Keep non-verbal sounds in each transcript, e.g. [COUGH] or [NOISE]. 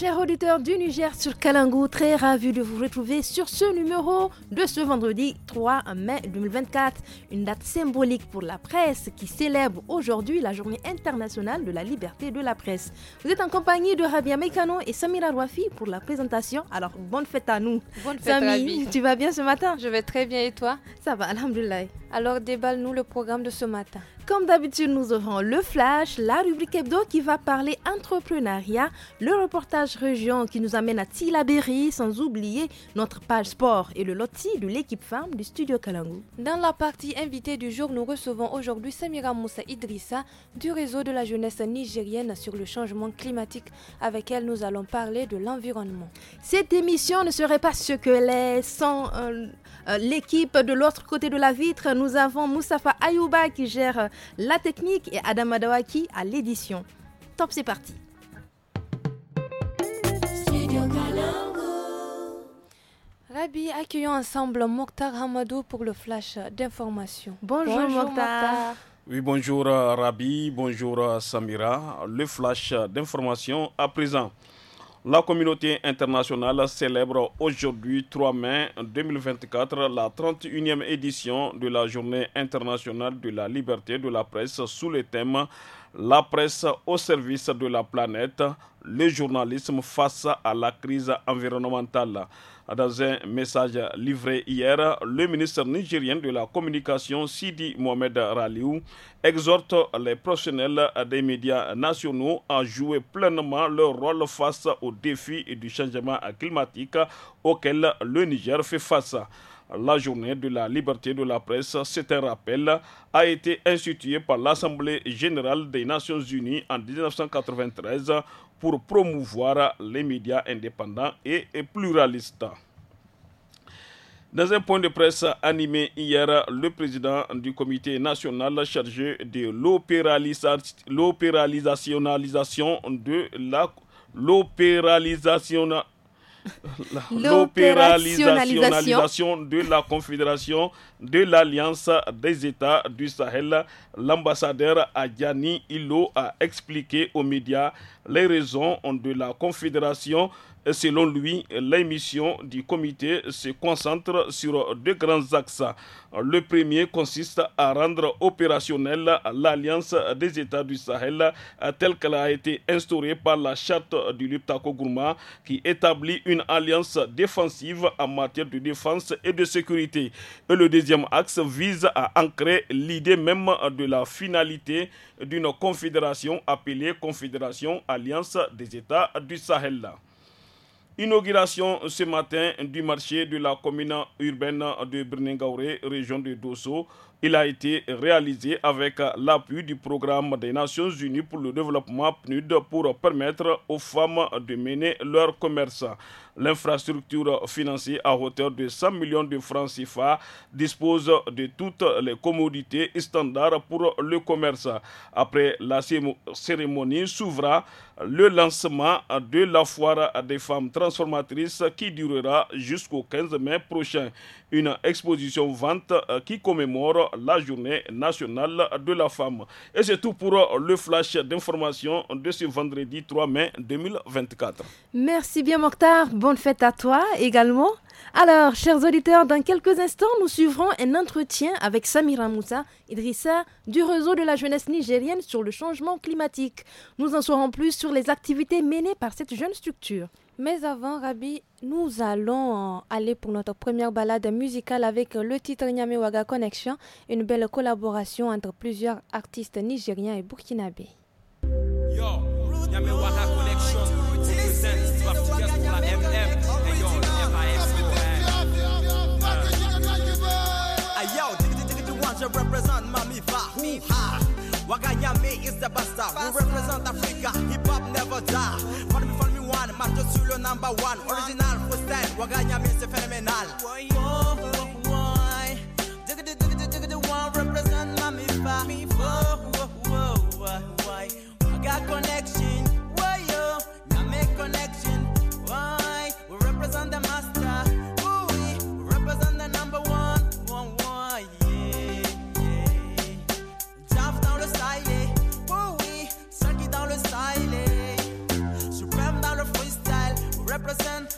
chers auditeurs du Niger sur Kalango. Très ravi de vous retrouver sur ce numéro de ce vendredi 3 mai 2024. Une date symbolique pour la presse qui célèbre aujourd'hui la journée internationale de la liberté de la presse. Vous êtes en compagnie de Rabia Meikano et Samira Rouafi pour la présentation. Alors, bonne fête à nous. Bonne fête, tu vas bien ce matin Je vais très bien et toi Ça va, Alhamdoulilah. Alors, déballe-nous le programme de ce matin. Comme d'habitude, nous aurons le Flash, la rubrique hebdo qui va parler entrepreneuriat, le reportage région qui nous amène à Tilabéry, sans oublier notre page sport et le loti de l'équipe femme du studio Kalangu. Dans la partie invitée du jour, nous recevons aujourd'hui Samira Moussa Idrissa du réseau de la jeunesse nigérienne sur le changement climatique. Avec elle, nous allons parler de l'environnement. Cette émission ne serait pas ce que les sans... Euh, l'équipe de l'autre côté de la vitre. Nous avons Moussafa Ayouba qui gère euh, la technique et Adam Adawaki à l'édition. Top, c'est parti. Rabi, accueillons ensemble Mokhtar Hamadou pour le flash d'information. Bonjour, Oui, bonjour euh, Rabi, bonjour Samira. Le flash d'information à présent. La communauté internationale célèbre aujourd'hui 3 mai 2024 la 31e édition de la Journée internationale de la liberté de la presse sous le thème la presse au service de la planète, le journalisme face à la crise environnementale. Dans un message livré hier, le ministre nigérien de la communication Sidi Mohamed Raliou exhorte les professionnels des médias nationaux à jouer pleinement leur rôle face aux défis du changement climatique auquel le Niger fait face. La journée de la liberté de la presse, c'est un rappel, a été institué par l'Assemblée générale des Nations Unies en 1993 pour promouvoir les médias indépendants et pluralistes. Dans un point de presse animé hier, le président du comité national chargé de l'opéralisationnalisation de la l'opéralisation l'opérationnalisation de la Confédération de l'Alliance des États du Sahel. L'ambassadeur Adjani Ilo a expliqué aux médias les raisons de la Confédération Selon lui, l'émission du comité se concentre sur deux grands axes. Le premier consiste à rendre opérationnelle l'alliance des États du Sahel telle qu'elle a été instaurée par la charte du Liptako Gourma qui établit une alliance défensive en matière de défense et de sécurité. le deuxième axe vise à ancrer l'idée même de la finalité d'une confédération appelée Confédération Alliance des États du Sahel. Inauguration ce matin du marché de la commune urbaine de Berningaure, région de Dosso. Il a été réalisé avec euh, l'appui du programme des Nations Unies pour le développement PNUD pour permettre aux femmes de mener leur commerce. L'infrastructure financière à hauteur de 100 millions de francs CFA dispose de toutes les commodités standards pour le commerce. Après la cérémonie s'ouvra le lancement de la foire des femmes transformatrices qui durera jusqu'au 15 mai prochain. Une exposition vente euh, qui commémore la journée nationale de la femme. Et c'est tout pour euh, le flash d'information de ce vendredi 3 mai 2024. Merci bien Mokhtar, bonne fête à toi également. Alors, chers auditeurs, dans quelques instants, nous suivrons un entretien avec Samira Moussa, Idrissa, du réseau de la jeunesse nigérienne sur le changement climatique. Nous en saurons plus sur les activités menées par cette jeune structure. Mais avant, Rabi, nous allons aller pour notre première balade musicale avec le titre Nyame Waga Connection, une belle collaboration entre plusieurs artistes nigériens et burkinabés. Yo, Connection, Waga We represent Africa. Hip hop never die. Je suis le number one, original, full style, guagaña, es fenomenal.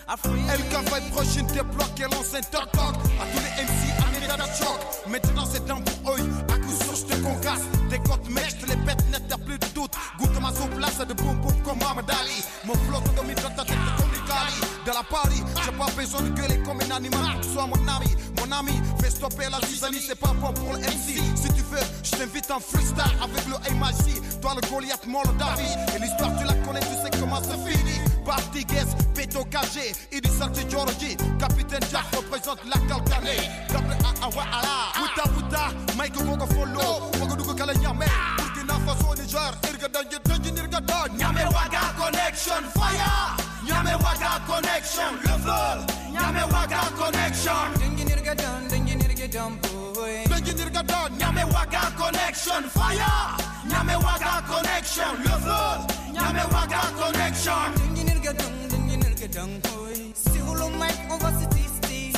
Elle café prochaine débloque qu'elle lance un talk A tous les MC en état de choc Maintenant c'est dans pour oeil, À coup sûr je te concasse Des côtes mec je les pète net t'as plus de doute Goûte ma soupe là de boum boum comme Mohamed Ali Mon flot domine dans ta tête comme l'Italie De la Paris j'ai pas besoin de gueuler comme un animal Sois mon ami mon ami fais stopper la zizanie C'est pas bon pour le MC Si tu veux je t'invite en freestyle avec le MIC Toi le Goliath David Et l'histoire tu la connais tu sais comment ça finit Bartigues, Péto Cagé, Irisante Georgie, Capitaine Jack représente la Calcaré, Gabriel Awa'ala, Wuta Wuta, Mike Gogo Follow, Mogodugo Kalanyame, Burkina Faso, Niger, Irga Danje, Danje, Nirga Danje, Nyame Waga Connection, Fire! Nyame Waga Connection, Le Vol, Nyame Waga Connection, Danje Nirga Dan, Danje Nirga Dan, Boy, Danje Nirga Dan, Nyame Waga Connection, Fire! Nyame Waga Connection, Le Vol, Nyame Waga Connection, nigga dung dung you nigga dung si Siulu mic over city city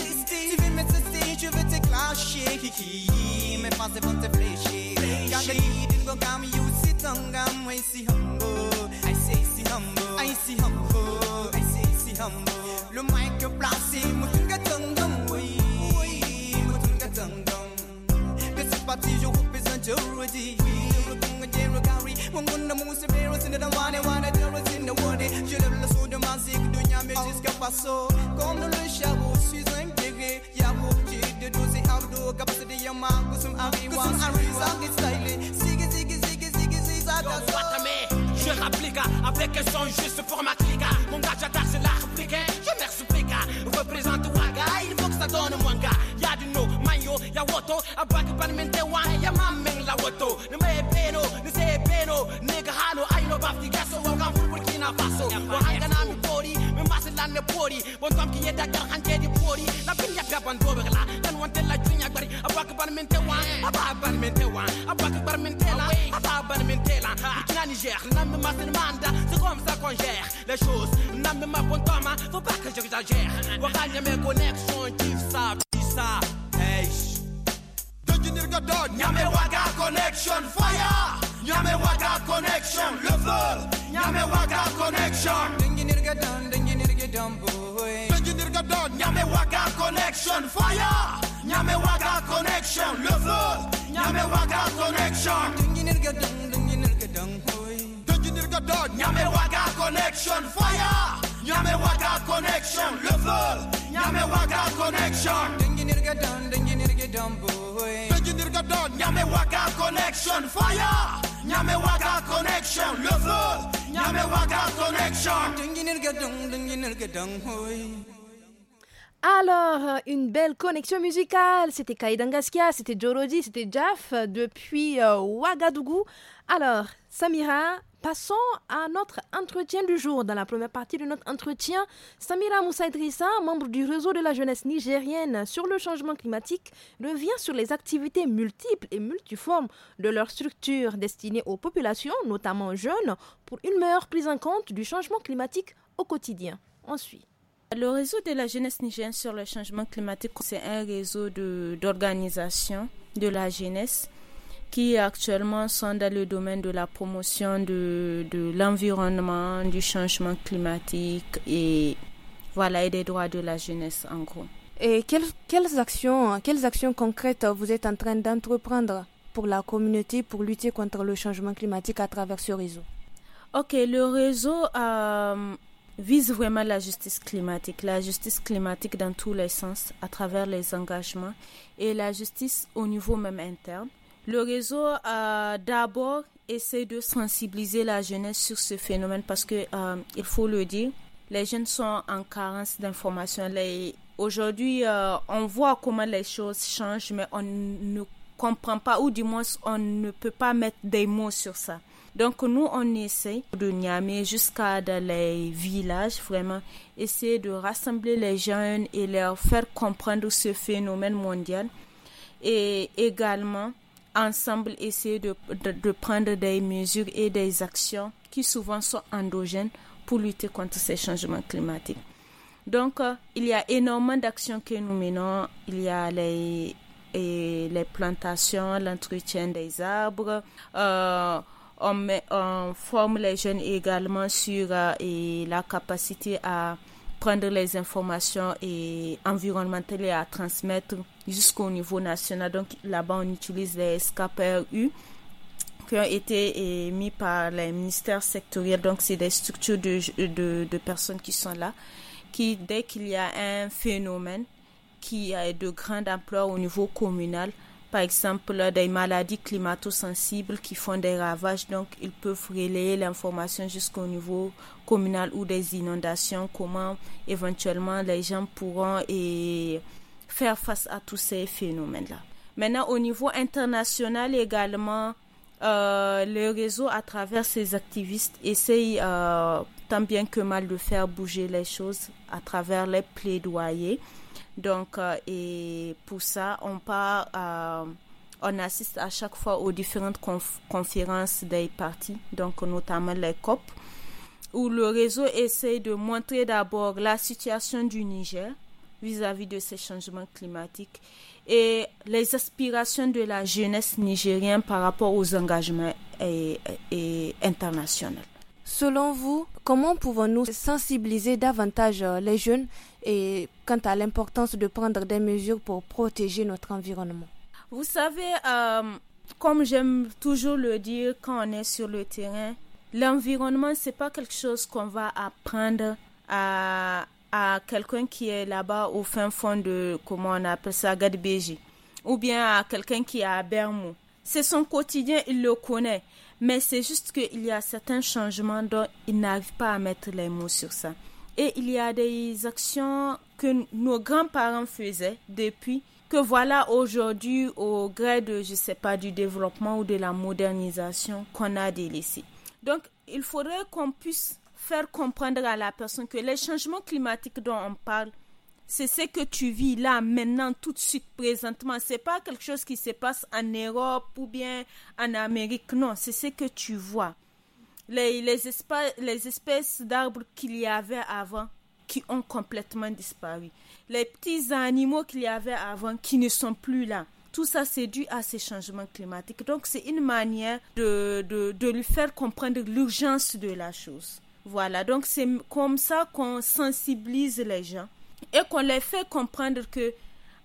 Tu veux te Kiki Me pas c'est te flécher Gaga di dingo gam you si on gam I see humble I say see humble I see humble I say see humble Le mic yo placé mo tunga dung dung oui mo tunga dung je represent already Mo ngunda mu se bero sinda wane wane terrorist in the world de Comme le suis de de Je hein, avec un son juste hein. Mon hein. Je Représente il faut que ça donne la Ne me peno, ne kan ne pori bon tam ki yeda kar han pori bin ya gaban do be la tan wante la junya abak min te wan abak min te wan abak min te la abak min te la ni na me ma sen manda comme ça qu'on gère les choses na me ma bon tama faut pas que j'exagère wa kan ya me connection ça ça hey Connection, fire! Connection, le feu! Connection! Gamboy. Engineer Gadon, Nyame Waga Connection, fire! Nyame Waga Connection, le flow! Nyame Waga Connection! Engineer Gadon, Engineer Gadon, boy. Engineer Gadon, Nyame Waga Connection, fire! Nyame Waga Connection, le flow! Nyame Waga Connection! Engineer Gadon, Engineer Gadon, boy. Engineer Gadon, Nyame Waga Connection, fire! alors, une belle connexion musicale. C'était Kaidangaskia, c'était Jorodi, c'était Jaff euh, depuis euh, Ouagadougou. Alors, Samira, Passons à notre entretien du jour. Dans la première partie de notre entretien, Samira Moussaïdrissa, membre du réseau de la jeunesse nigérienne sur le changement climatique, revient sur les activités multiples et multiformes de leur structure destinée aux populations, notamment jeunes, pour une meilleure prise en compte du changement climatique au quotidien. On suit. Le réseau de la jeunesse nigérienne sur le changement climatique, c'est un réseau d'organisation de la jeunesse qui actuellement sont dans le domaine de la promotion de, de l'environnement, du changement climatique et, voilà, et des droits de la jeunesse en gros. Et quelles, quelles actions, quelles actions concrètes vous êtes en train d'entreprendre pour la communauté pour lutter contre le changement climatique à travers ce réseau Ok, le réseau euh, vise vraiment la justice climatique, la justice climatique dans tous les sens, à travers les engagements et la justice au niveau même interne. Le réseau a euh, d'abord essayé de sensibiliser la jeunesse sur ce phénomène parce que euh, il faut le dire, les jeunes sont en carence d'informations. Aujourd'hui, euh, on voit comment les choses changent, mais on ne comprend pas ou du moins on ne peut pas mettre des mots sur ça. Donc nous, on essaie de Niamey jusqu'à dans les villages, vraiment, essayer de rassembler les jeunes et leur faire comprendre ce phénomène mondial. Et également, ensemble essayer de, de, prendre des mesures et des actions qui souvent sont endogènes pour lutter contre ces changements climatiques. Donc, euh, il y a énormément d'actions que nous menons. Il y a les, les plantations, l'entretien des arbres. Euh, on, forme les jeunes également sur euh, la capacité à prendre les informations et environnementales et à transmettre jusqu'au niveau national. Donc là-bas, on utilise les SKPRU qui ont été eh, mis par les ministères sectoriels. Donc c'est des structures de, de, de personnes qui sont là, qui dès qu'il y a un phénomène qui est de grande ampleur au niveau communal, par exemple des maladies climato-sensibles qui font des ravages, donc ils peuvent relayer l'information jusqu'au niveau communal ou des inondations, comment éventuellement les gens pourront faire face à tous ces phénomènes-là. Maintenant, au niveau international également, euh, le réseau, à travers ces activistes, essaye euh, tant bien que mal de faire bouger les choses à travers les plaidoyers. Donc, euh, et pour ça, on part, euh, on assiste à chaque fois aux différentes conférences des partis, donc notamment les COP, où le réseau essaie de montrer d'abord la situation du Niger vis-à-vis de ces changements climatiques et les aspirations de la jeunesse nigérienne par rapport aux engagements internationaux. Selon vous, comment pouvons-nous sensibiliser davantage euh, les jeunes et quant à l'importance de prendre des mesures pour protéger notre environnement. Vous savez, euh, comme j'aime toujours le dire quand on est sur le terrain, l'environnement, ce n'est pas quelque chose qu'on va apprendre à, à quelqu'un qui est là-bas au fin fond de, comment on appelle ça, Gadbeji, ou bien à quelqu'un qui est à Bermou. C'est son quotidien, il le connaît. Mais c'est juste qu'il y a certains changements dont il n'arrive pas à mettre les mots sur ça. Et il y a des actions que nos grands-parents faisaient depuis que voilà aujourd'hui au gré de, je sais pas, du développement ou de la modernisation qu'on a délaissé. Donc, il faudrait qu'on puisse faire comprendre à la personne que les changements climatiques dont on parle, c'est ce que tu vis là, maintenant, tout de suite, présentement. C'est pas quelque chose qui se passe en Europe ou bien en Amérique. Non, c'est ce que tu vois les, les, espèces d'arbres qu'il y avait avant qui ont complètement disparu. Les petits animaux qu'il y avait avant qui ne sont plus là. Tout ça, c'est dû à ces changements climatiques. Donc, c'est une manière de, de lui faire comprendre l'urgence de la chose. Voilà, donc c'est comme ça qu'on sensibilise les gens et qu'on les fait comprendre que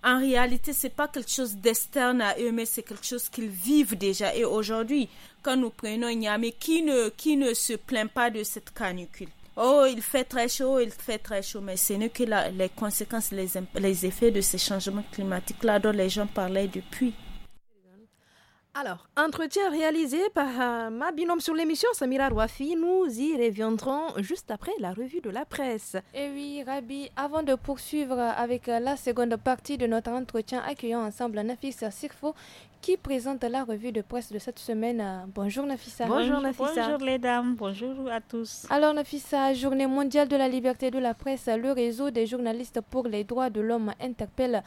en réalité, c'est pas quelque chose d'externe à eux, mais c'est quelque chose qu'ils vivent déjà. Et aujourd'hui, quand nous prenons Niamey, qui ne, qui ne se plaint pas de cette canicule Oh, il fait très chaud, il fait très chaud, mais ce n'est que les conséquences, les, les effets de ces changements climatiques-là dont les gens parlaient depuis. Alors, entretien réalisé par euh, ma binôme sur l'émission, Samira Rouafi. Nous y reviendrons juste après la revue de la presse. Et eh oui, Rabi, avant de poursuivre avec euh, la seconde partie de notre entretien, accueillons ensemble Nafis Sirfo qui présente la revue de presse de cette semaine. Bonjour Nafissa. Bonjour Nafissa. Bonjour les dames, bonjour à tous. Alors Nafissa, journée mondiale de la liberté de la presse, le réseau des journalistes pour les droits de l'homme interpelle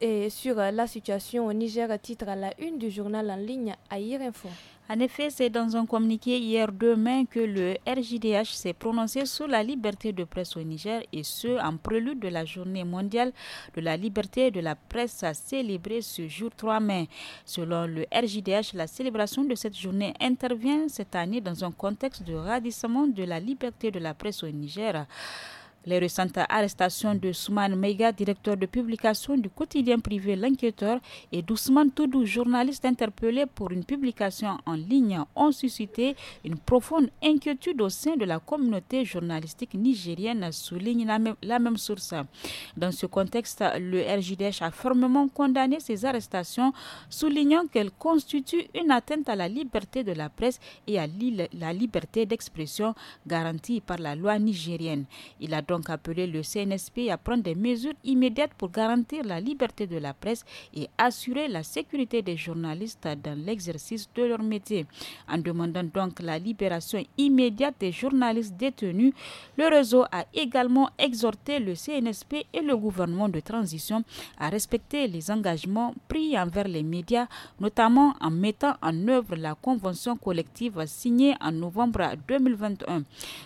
et sur euh, la situation au Niger, à titre à la une du journal en ligne Aïr Info. En effet, c'est dans un communiqué hier demain que le RJDH s'est prononcé sur la liberté de presse au Niger et ce, en prélude de la journée mondiale de la liberté de la presse à célébrer ce jour 3 mai. Selon le RJDH, la célébration de cette journée intervient cette année dans un contexte de radissement de la liberté de la presse au Niger. Les récentes arrestations de Souman Meiga, directeur de publication du quotidien privé L'Inquiéteur, et d'Ousmane Toudou, journaliste interpellé pour une publication en ligne, ont suscité une profonde inquiétude au sein de la communauté journalistique nigérienne, souligne la même, la même source. Dans ce contexte, le RJDH a fermement condamné ces arrestations, soulignant qu'elles constituent une atteinte à la liberté de la presse et à la liberté d'expression garantie par la loi nigérienne. Il a donc donc appelé le CNSP à prendre des mesures immédiates pour garantir la liberté de la presse et assurer la sécurité des journalistes dans l'exercice de leur métier. En demandant donc la libération immédiate des journalistes détenus, le réseau a également exhorté le CNSP et le gouvernement de transition à respecter les engagements pris envers les médias, notamment en mettant en œuvre la convention collective signée en novembre 2021.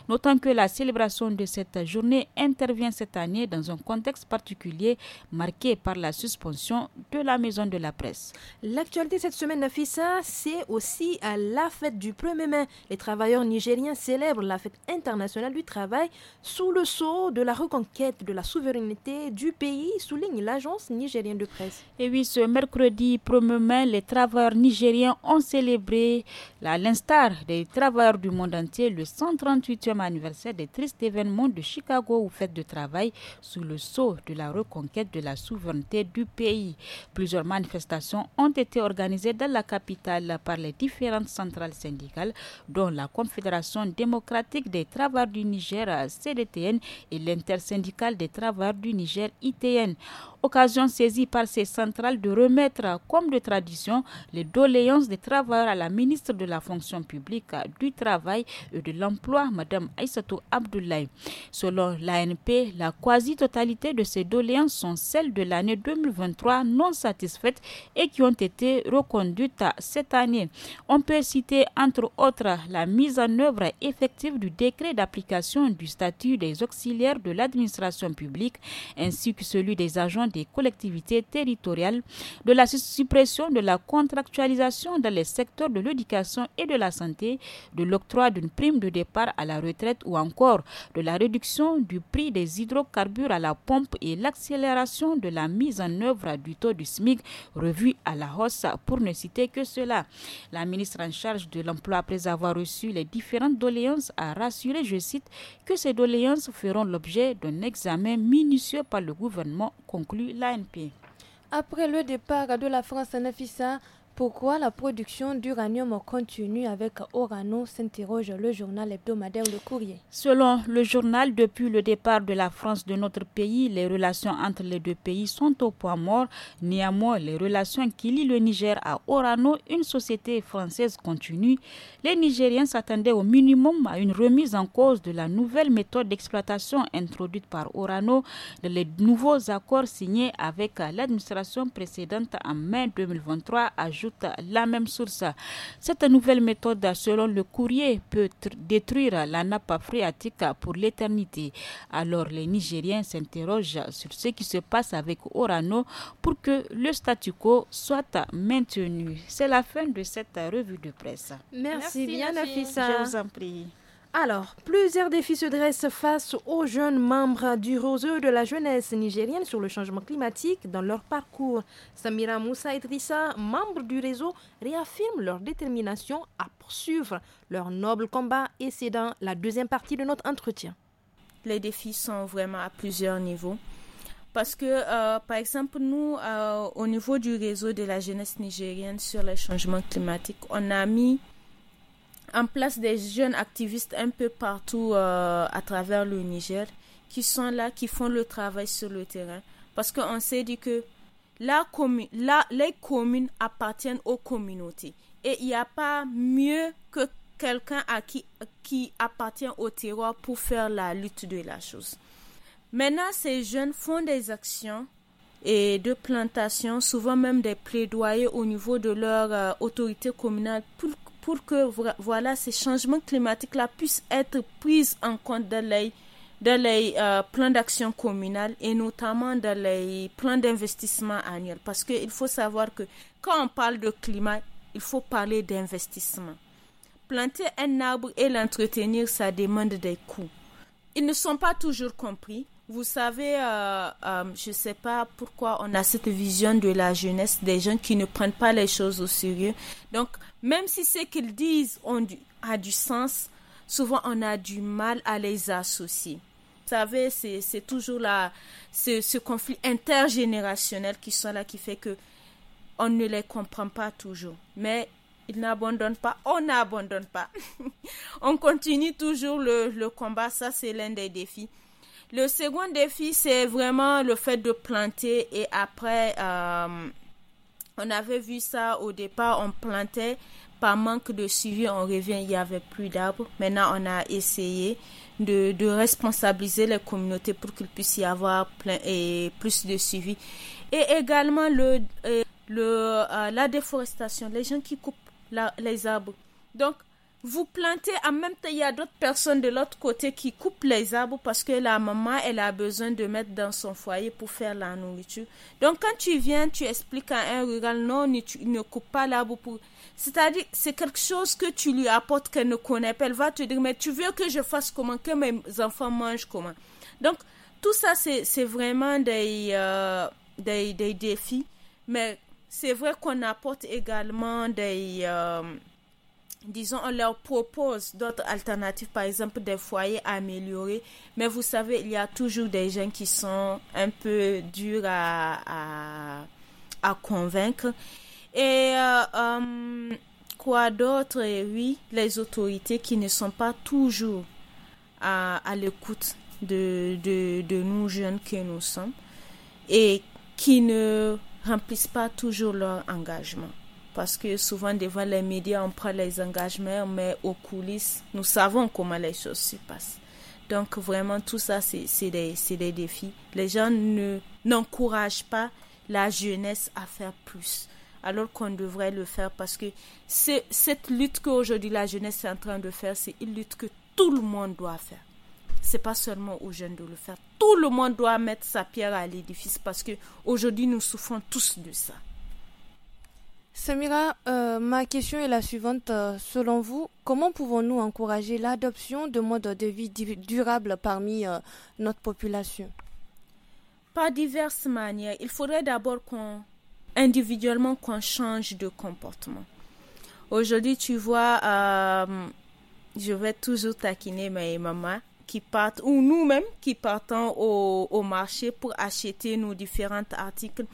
Notant que la célébration de cette journée intervient cette année dans un contexte particulier marqué par la suspension de la maison de la presse. L'actualité cette semaine, Nafissa, c'est aussi à euh, la fête du 1er mai. Les travailleurs nigériens célèbrent la fête internationale du travail sous le sceau de la reconquête de la souveraineté du pays, souligne l'agence nigérienne de presse. Et oui, ce mercredi 1er mai, les travailleurs nigériens ont célébré, à l'instar des travailleurs du monde entier, le 138e anniversaire des tristes événements de Chicago ou fête de travail sous le sceau de la reconquête de la souveraineté du pays. Plusieurs manifestations ont été organisées dans la capitale par les différentes centrales syndicales, dont la Confédération démocratique des travailleurs du Niger, CDTN, et l'intersyndicale des travailleurs du Niger, ITN occasion saisie par ces centrales de remettre, comme de tradition, les doléances des travailleurs à la ministre de la fonction publique, du travail et de l'emploi, Madame Aïssatou Abdoulaye. Selon l'ANP, la quasi-totalité de ces doléances sont celles de l'année 2023 non satisfaites et qui ont été reconduites cette année. On peut citer entre autres la mise en œuvre effective du décret d'application du statut des auxiliaires de l'administration publique ainsi que celui des agents des collectivités territoriales, de la suppression de la contractualisation dans les secteurs de l'éducation et de la santé, de l'octroi d'une prime de départ à la retraite ou encore de la réduction du prix des hydrocarbures à la pompe et l'accélération de la mise en œuvre du taux du SMIC revu à la hausse pour ne citer que cela. La ministre en charge de l'emploi, après avoir reçu les différentes doléances, a rassuré, je cite, que ces doléances feront l'objet d'un examen minutieux par le gouvernement, conclut l'ANP. Après le départ de la France en Afissa. Pourquoi la production d'uranium continue avec Orano s'interroge le journal hebdomadaire Le Courrier. Selon le journal, depuis le départ de la France de notre pays, les relations entre les deux pays sont au point mort. Néanmoins, les relations qui lient le Niger à Orano, une société française continue. Les Nigériens s'attendaient au minimum à une remise en cause de la nouvelle méthode d'exploitation introduite par Orano dans les nouveaux accords signés avec l'administration précédente en mai 2023, ajoutent la même source. Cette nouvelle méthode, selon le courrier, peut détruire la nappe phréatique pour l'éternité. Alors les Nigériens s'interrogent sur ce qui se passe avec Orano pour que le statu quo soit maintenu. C'est la fin de cette revue de presse. Merci, bien, Je vous en prie. Alors, plusieurs défis se dressent face aux jeunes membres du roseau de la jeunesse nigérienne sur le changement climatique dans leur parcours. Samira Moussa Idrissa, membres du réseau, réaffirme leur détermination à poursuivre leur noble combat et c'est dans la deuxième partie de notre entretien. Les défis sont vraiment à plusieurs niveaux. Parce que, euh, par exemple, nous, euh, au niveau du réseau de la jeunesse nigérienne sur le changement climatique, on a mis en place des jeunes activistes un peu partout euh, à travers le Niger qui sont là, qui font le travail sur le terrain. Parce qu'on s'est dit que la commune, la, les communes appartiennent aux communautés. Et il n'y a pas mieux que quelqu'un à qui, qui appartient au terroir pour faire la lutte de la chose. Maintenant, ces jeunes font des actions et de plantations, souvent même des plaidoyers au niveau de leur euh, autorité communale pour pour que voilà, ces changements climatiques-là puissent être pris en compte dans les, euh, plans d'action communale et notamment dans les plans d'investissement annuels. Parce qu'il faut savoir que quand on parle de climat, il faut parler d'investissement. Planter un arbre et l'entretenir, ça demande des coûts. Ils ne sont pas toujours compris. Vous savez, euh, euh, je ne sais pas pourquoi on a cette vision de la jeunesse, des gens qui ne prennent pas les choses au sérieux. Donc, même si ce qu'ils disent a du sens, souvent on a du mal à les associer. Vous savez, c'est toujours ce conflit intergénérationnel qui soit là, qui fait que on ne les comprend pas toujours. Mais ils n'abandonnent pas, on n'abandonne pas. [LAUGHS] on continue toujours le combat, ça c'est l'un des défis. Le second défi, c'est vraiment le fait de planter et après, euh, on avait vu ça au départ, on plantait. Par manque de suivi, on revient, il n'y avait plus d'arbres. Maintenant, on a essayé de, responsabiliser les communautés pour qu'il puisse y avoir plein, et plus de suivi. Et également, le, euh, euh, la déforestation, les gens qui coupent les arbres. Donc, vous plantez, en même temps, il y a d'autres personnes de l'autre côté qui coupent les arbres parce que la maman, elle a besoin de mettre dans son foyer pour faire la nourriture. Donc, quand tu viens, tu expliques à un rural, non, tu ne coupe pas l'arbre pour... C'est-à-dire, c'est quelque chose que tu lui apportes qu'elle ne connaît pas. Elle va te dire, mais tu veux que je fasse comment, que mes enfants mangent comment. Donc, tout ça, c'est vraiment des, euh, des, des, défis. Mais c'est vrai qu'on apporte également des... Euh, disons, on leur propose d'autres alternatives, par exemple des foyers améliorés. Mais vous savez, il y a toujours des gens qui sont un peu durs à, convaincre. Et euh, hum, quoi d'autre Oui, les autorités qui ne sont pas toujours à, à l'écoute de, de, de nous jeunes que nous sommes et qui ne remplissent pas toujours leur engagement. Parce que souvent devant les médias, on prend les engagements, mais aux coulisses, nous savons comment les choses se passent. Donc vraiment, tout ça, c'est des, des, défis. Les gens n'encouragent pas la jeunesse à faire plus, alors qu'on devrait le faire parce que cette lutte qu'aujourd'hui la jeunesse est en train de faire, c'est une lutte que tout le monde doit faire. C'est pas seulement aux jeunes de le faire. Tout le monde doit mettre sa pierre à l'édifice parce que aujourd'hui nous souffrons tous de ça. Samira, euh, ma question est la suivante. Euh, selon vous, comment pouvons-nous encourager l'adoption de modes de vie durables parmi euh, notre population Par diverses manières. Il faudrait d'abord qu'on individuellement qu'on change de comportement. Aujourd'hui, tu vois, je vais toujours taquiner mes mamans qui partent, ou nous-mêmes qui partons au, au, marché pour acheter nos différents articles.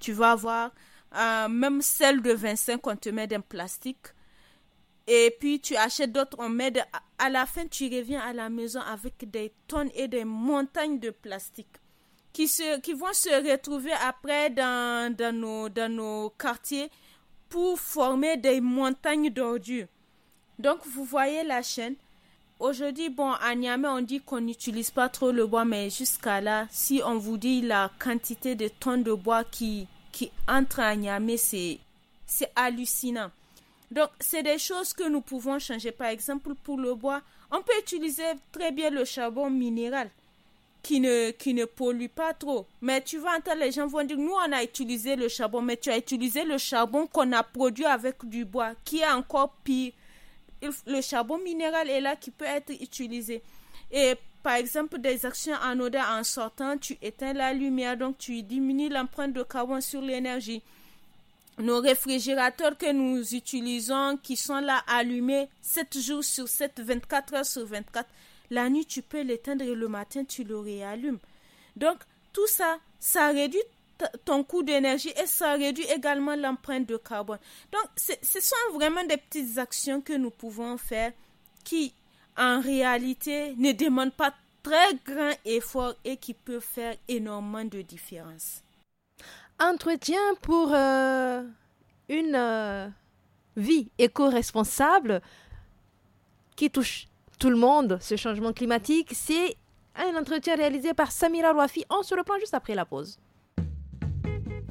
Tu vas voir euh, même celle de 25 on te met d'un plastique. Et puis tu achètes d'autres, on met à la fin tu reviens à la maison avec des tonnes et des montagnes de plastique qui, se, qui vont se retrouver après dans, dans, nos, dans nos quartiers pour former des montagnes d'ordures. Donc vous voyez la chaîne. Aujourd'hui, bon, à Niamey, on dit qu'on n'utilise pas trop le bois, mais jusqu'à là, si on vous dit la quantité de tonnes de bois qui, qui entraîne à Niamey, c'est hallucinant. Donc, c'est des choses que nous pouvons changer. Par exemple, pour le bois, on peut utiliser très bien le charbon minéral qui ne, qui ne pollue pas trop. Mais tu vas entendre, les gens vont dire, nous, on a utilisé le charbon, mais tu as utilisé le charbon qu'on a produit avec du bois, qui est encore pire. Le charbon minéral est là qui peut être utilisé. Et par exemple des actions anodines en sortant, tu éteins la lumière, donc tu diminues l'empreinte de carbone sur l'énergie. Nos réfrigérateurs que nous utilisons, qui sont là allumés 7 jours sur 7, 24 heures sur 24, la nuit tu peux l'éteindre et le matin tu le réallumes. Donc tout ça, ça réduit ton coût d'énergie et ça réduit également l'empreinte de carbone. Donc, ce sont vraiment des petites actions que nous pouvons faire qui, en réalité, ne demande pas très grand effort et qui peut faire énormément de différence. Entretien pour euh, une euh, vie éco-responsable qui touche tout le monde, ce changement climatique, c'est un entretien réalisé par Samira Rouafi. On le reprend juste après la pause.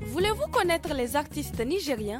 Voulez-vous connaître les artistes nigériens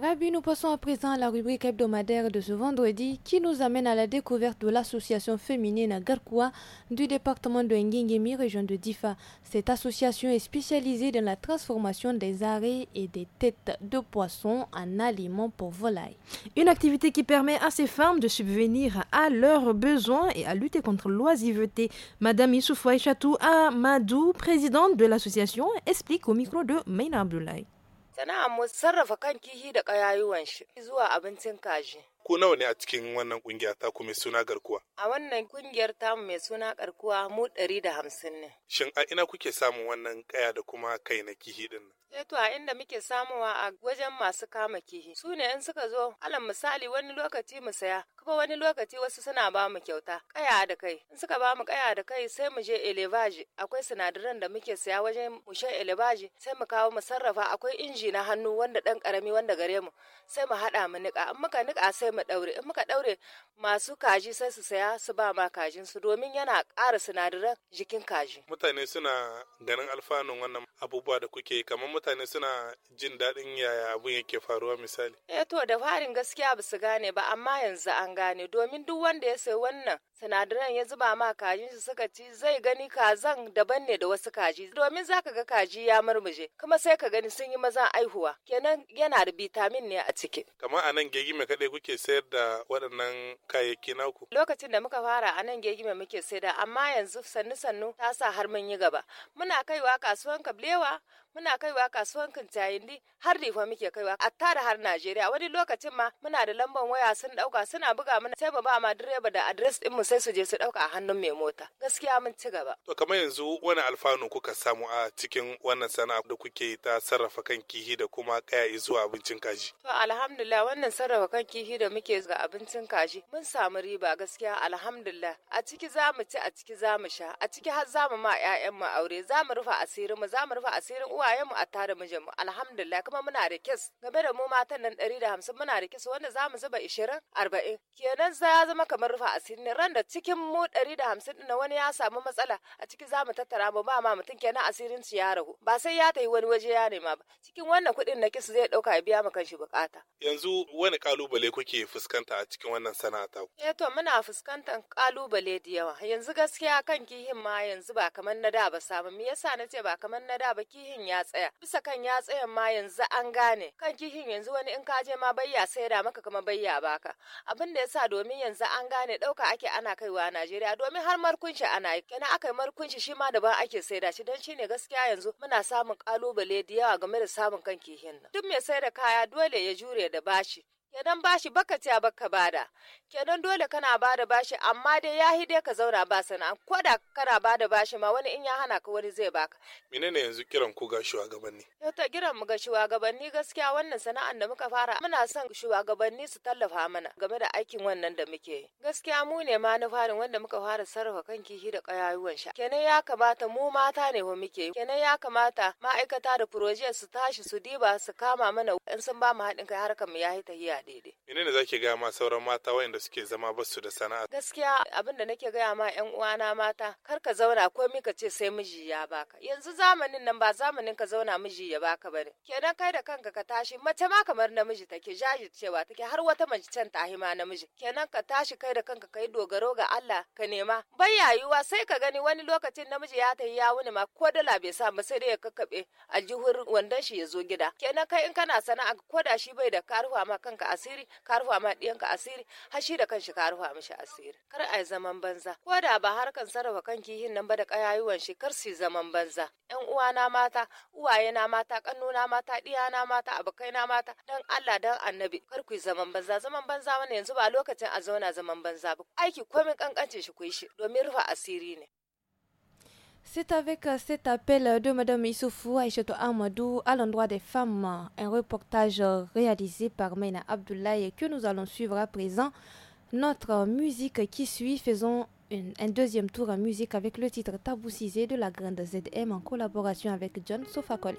Rabi, nous passons à présent à la rubrique hebdomadaire de ce vendredi qui nous amène à la découverte de l'association féminine Garkoua du département de Ngingimi, région de Difa. Cette association est spécialisée dans la transformation des arrêts et des têtes de poissons en aliments pour volailles. Une activité qui permet à ces femmes de subvenir à leurs besoins et à lutter contre l'oisiveté. Madame Issoufoua Chatou Amadou, présidente de l'association, explique au micro de Maina Sana'ar mu sarrafa kan kihi da ƙayayuwan shi zuwa abincin kaji. ku nawa ne a cikin wannan kungiya ta kuma suna garkuwa? A wannan kungiyar ta mai suna garkuwa mu ɗari da hamsin ne. Shin a ina kuke samun wannan kaya da kuma kai na kihi din nan? Eh a inda muke samuwa a wajen masu kama kihi. Su ne in suka zo, alal misali wani lokaci mu saya, kuma wani lokaci wasu suna ba mu kyauta, kaya da kai. In suka ba mu kaya da kai sai mu je elevaji, akwai sinadaran da muke saya wajen mu shan elevaji, sai mu kawo mu sarrafa akwai inji na hannu wanda ɗan ƙarami wanda gare mu, sai mu haɗa mu niƙa. In muka niƙa sai mu mu daure in muka daure masu kaji sai su saya su ba ma kajin su domin yana ƙara sinadaran jikin kaji mutane suna ganin alfanun wannan abubuwa da kuke kamar mutane suna jin daɗin yaya abun yake faruwa misali eh to da farin gaskiya ba su gane ba amma yanzu an gane domin duk wanda ya sayi wannan sinadaran ya zuba ma kajin su suka ci zai gani kazan daban ne da wasu kaji domin zaka ga kaji ya murmuje kuma sai ka gani sun yi mazan aihuwa kenan yana da bitamin ne a ciki kamar anan nan gegi mai kaɗai kuke sayar da waɗannan kayayyaki naku? Lokacin da muka fara a nan gegime muke sayar amma yanzu sannu sannu ta sa har mun yi gaba. Muna kaiwa kasuwan kablewa muna kaiwa kasuwan kincayindi har rifa muke kaiwa a tara har Najeriya wani lokacin ma muna da lambar waya sun dauka suna buga mana sai mu ba ma direba da adres din mu sai su je su dauka a hannun mai mota gaskiya mun ci gaba to kamar yanzu wani alfanu kuka samu a cikin wannan sana'a da kuke ta sarrafa kan kihi da kuma kaya zuwa abincin kaji to alhamdulillah wannan sarrafa kan kihi da muke ga abincin kaji mun samu riba gaskiya alhamdulillah a ciki za mu ci a ciki za mu sha a ciki har za mu ma 'ya'yan mu aure za mu rufa asirin mu za mu rufa asirin uwa uwayenmu a tare mu alhamdulillah kuma muna da kes game da mu matan nan 150 da hamsin muna da kes wanda za mu zuba ishirin arba'in kenan za ya zama kamar rufa asiri ne ran da cikin mu 150 da hamsin wani ya samu matsala a ciki za mu tattara mu ba ma mutum kenan asirin su ya ragu ba sai ya tai wani waje ya nema ba cikin wannan kuɗin na kes zai ɗauka ya biya ma shi bukata. yanzu wani kalubale kuke fuskanta a cikin wannan sana'a ta eh to muna fuskantar kalubale da yawa yanzu gaskiya kan kihin ma yanzu ba kamar na da ba samu me yasa na ce ba kamar na da ba kihin ya tsaya bisa kan ya tsayan ma yanzu an gane kan kihin yanzu wani in ka je ma bayya saida maka kuma bayya baka abin da yasa domin yanzu an gane dauka ake ana kaiwa a Najeriya domin har markunci ana yi kenan aka yi markunci shi ma daban ake saida shi don shine gaskiya yanzu muna samun kalubale da yawa game da samun kan kihin nan duk mai da kaya dole ya jure da bashi kenan bashi baka ciya baka bada kenan dole kana bada bashi amma dai yahi dai ka zauna ba sana'a Koda kana bada bashi ma wani in ya hana ka wani zai baka menene yanzu kiran ku ga shugabanni yau eh ta kiran mu ga shugabanni gaskiya wannan sana'an da muka fara muna son shugabanni su tallafa mana game da aikin wannan da muke yi gaskiya mu ne ma wanda muka fara sarrafa kan kihi da kayayuwan sha kenan ya kamata mu mata ne wa muke kenan ya kamata ma'aikata da project su tashi su diba su kama mana in sun ba mu haɗin kai harkar mu yahi hiya yana daidai. Ina ne zaki gaya ma sauran mata wayanda suke zama basu da sana'a? Gaskiya abin da nake gaya ma 'yan uwana mata kar ka zauna ko mi ka ce sai miji ya baka. Yanzu zamanin nan ba zamanin ka zauna miji ya baka bane. Kenan kai da kanka ka tashi mace ma kamar namiji take jajircewa take har wata mace can ta hima namiji. Kenan ka tashi kai da kanka yi dogaro ga Allah ka nema. Bai yayuwa sai ka gani wani lokacin namiji ya tafi ya wuni ma ko dala bai sa ba sai dai ya kakkaɓe aljihun wandon shi ya zo gida. Kenan kai in kana sana'a ko da shi bai da karuwa ma kanka asiri ka rufa ma ɗiyanka asiri har shi da kanshi ka rufa mishi asiri kar a yi zaman banza ko da ba har harkan sarrafa kan kihin nan ba da ƙayayuwan shi kar su zaman banza yan uwana mata uwayena mata ƙannuna mata ɗiyana mata abokaina mata dan Allah dan annabi kar ku zaman banza zaman banza wani yanzu ba lokacin a zauna zaman banza ba aiki komin ƙanƙancin shi ku yi shi domin rufa asiri ne C'est avec euh, cet appel de Mme Issoufou Aïcheto Amadou à l'endroit des femmes, un reportage euh, réalisé par Mena Abdoulaye que nous allons suivre à présent. Notre musique qui suit, faisons un deuxième tour en musique avec le titre "Taboucisé" de la grande ZM en collaboration avec John Sofakoli.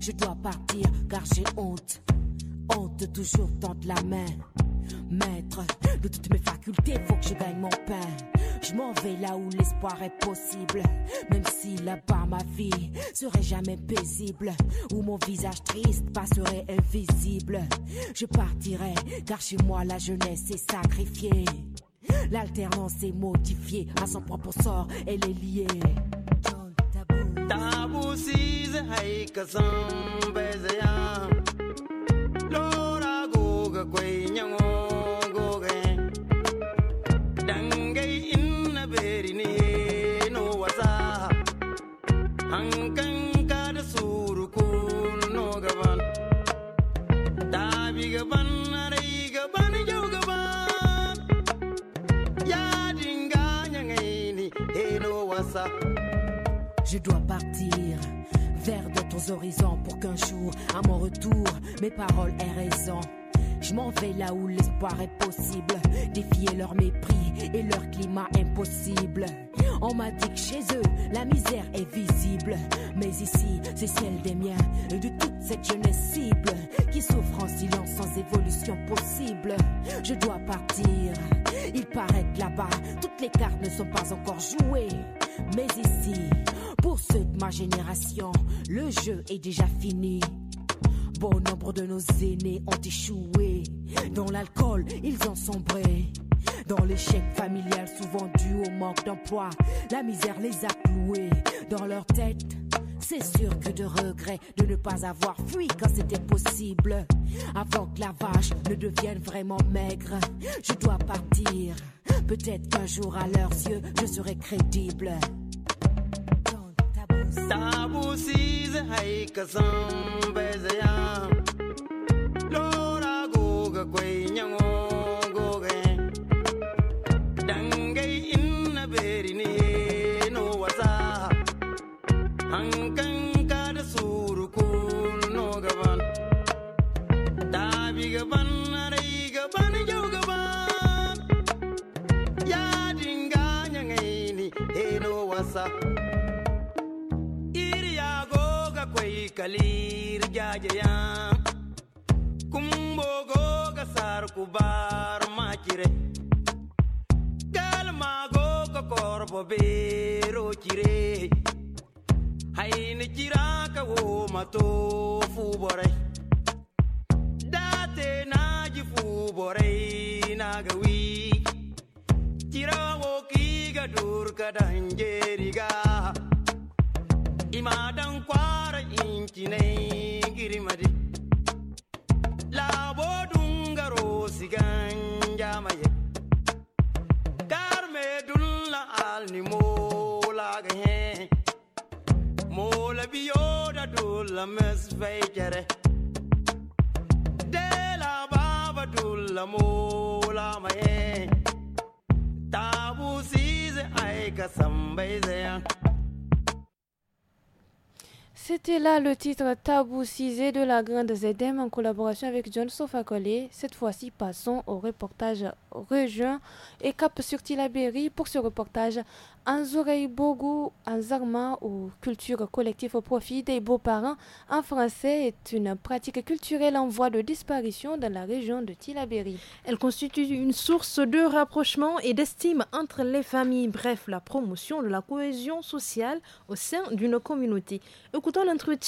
Je dois partir car j'ai honte. Honte toujours tendre la main. Maître de toutes mes facultés, faut que je gagne mon pain. Je m'en vais là où l'espoir est possible, même si là-bas ma vie serait jamais paisible, où mon visage triste passerait invisible. Je partirai car chez moi la jeunesse est sacrifiée. L'alternance est modifiée à son propre sort, elle est liée hai kasam beza zaya lora go ga kwai nyango dangai inna no wasa hankan ka da suru kun no gaban dabi gaban rai gaban ya dinga no wasa Je dois partir horizons pour qu'un jour, à mon retour, mes paroles aient raison. Je m'en vais là où l'espoir est possible, défier leur mépris et leur climat impossible. On m'a dit que chez eux, la misère est visible. Mais ici, c'est celle des miens et de toute cette jeunesse cible qui souffre en silence sans évolution possible. Je dois partir. Il paraît que là-bas, toutes les cartes ne sont pas encore jouées. Mais ici, pour ceux de ma génération, le jeu est déjà fini. Bon nombre de nos aînés ont échoué. Dans l'alcool, ils ont sombré. Dans l'échec familial, souvent dû au manque d'emploi, la misère les a cloués dans leur tête. C'est sûr que de regret de ne pas avoir fui quand c'était possible. Avant que la vache ne devienne vraiment maigre, je dois partir. Peut-être qu'un jour à leurs yeux, je serai crédible. tabu si zai ka san bai zaya le titre Cisé de la Grande ZDM en collaboration avec John Sofacolé. Cette fois-ci, passons au reportage région et cap sur Tilabéry. pour ce reportage. Anzurei un Anzarma ou culture collective au profit des beaux-parents en français est une pratique culturelle en voie de disparition dans la région de Tilabéry. Elle constitue une source de rapprochement et d'estime entre les familles. Bref, la promotion de la cohésion sociale au sein d'une communauté. Écoutons l'entretien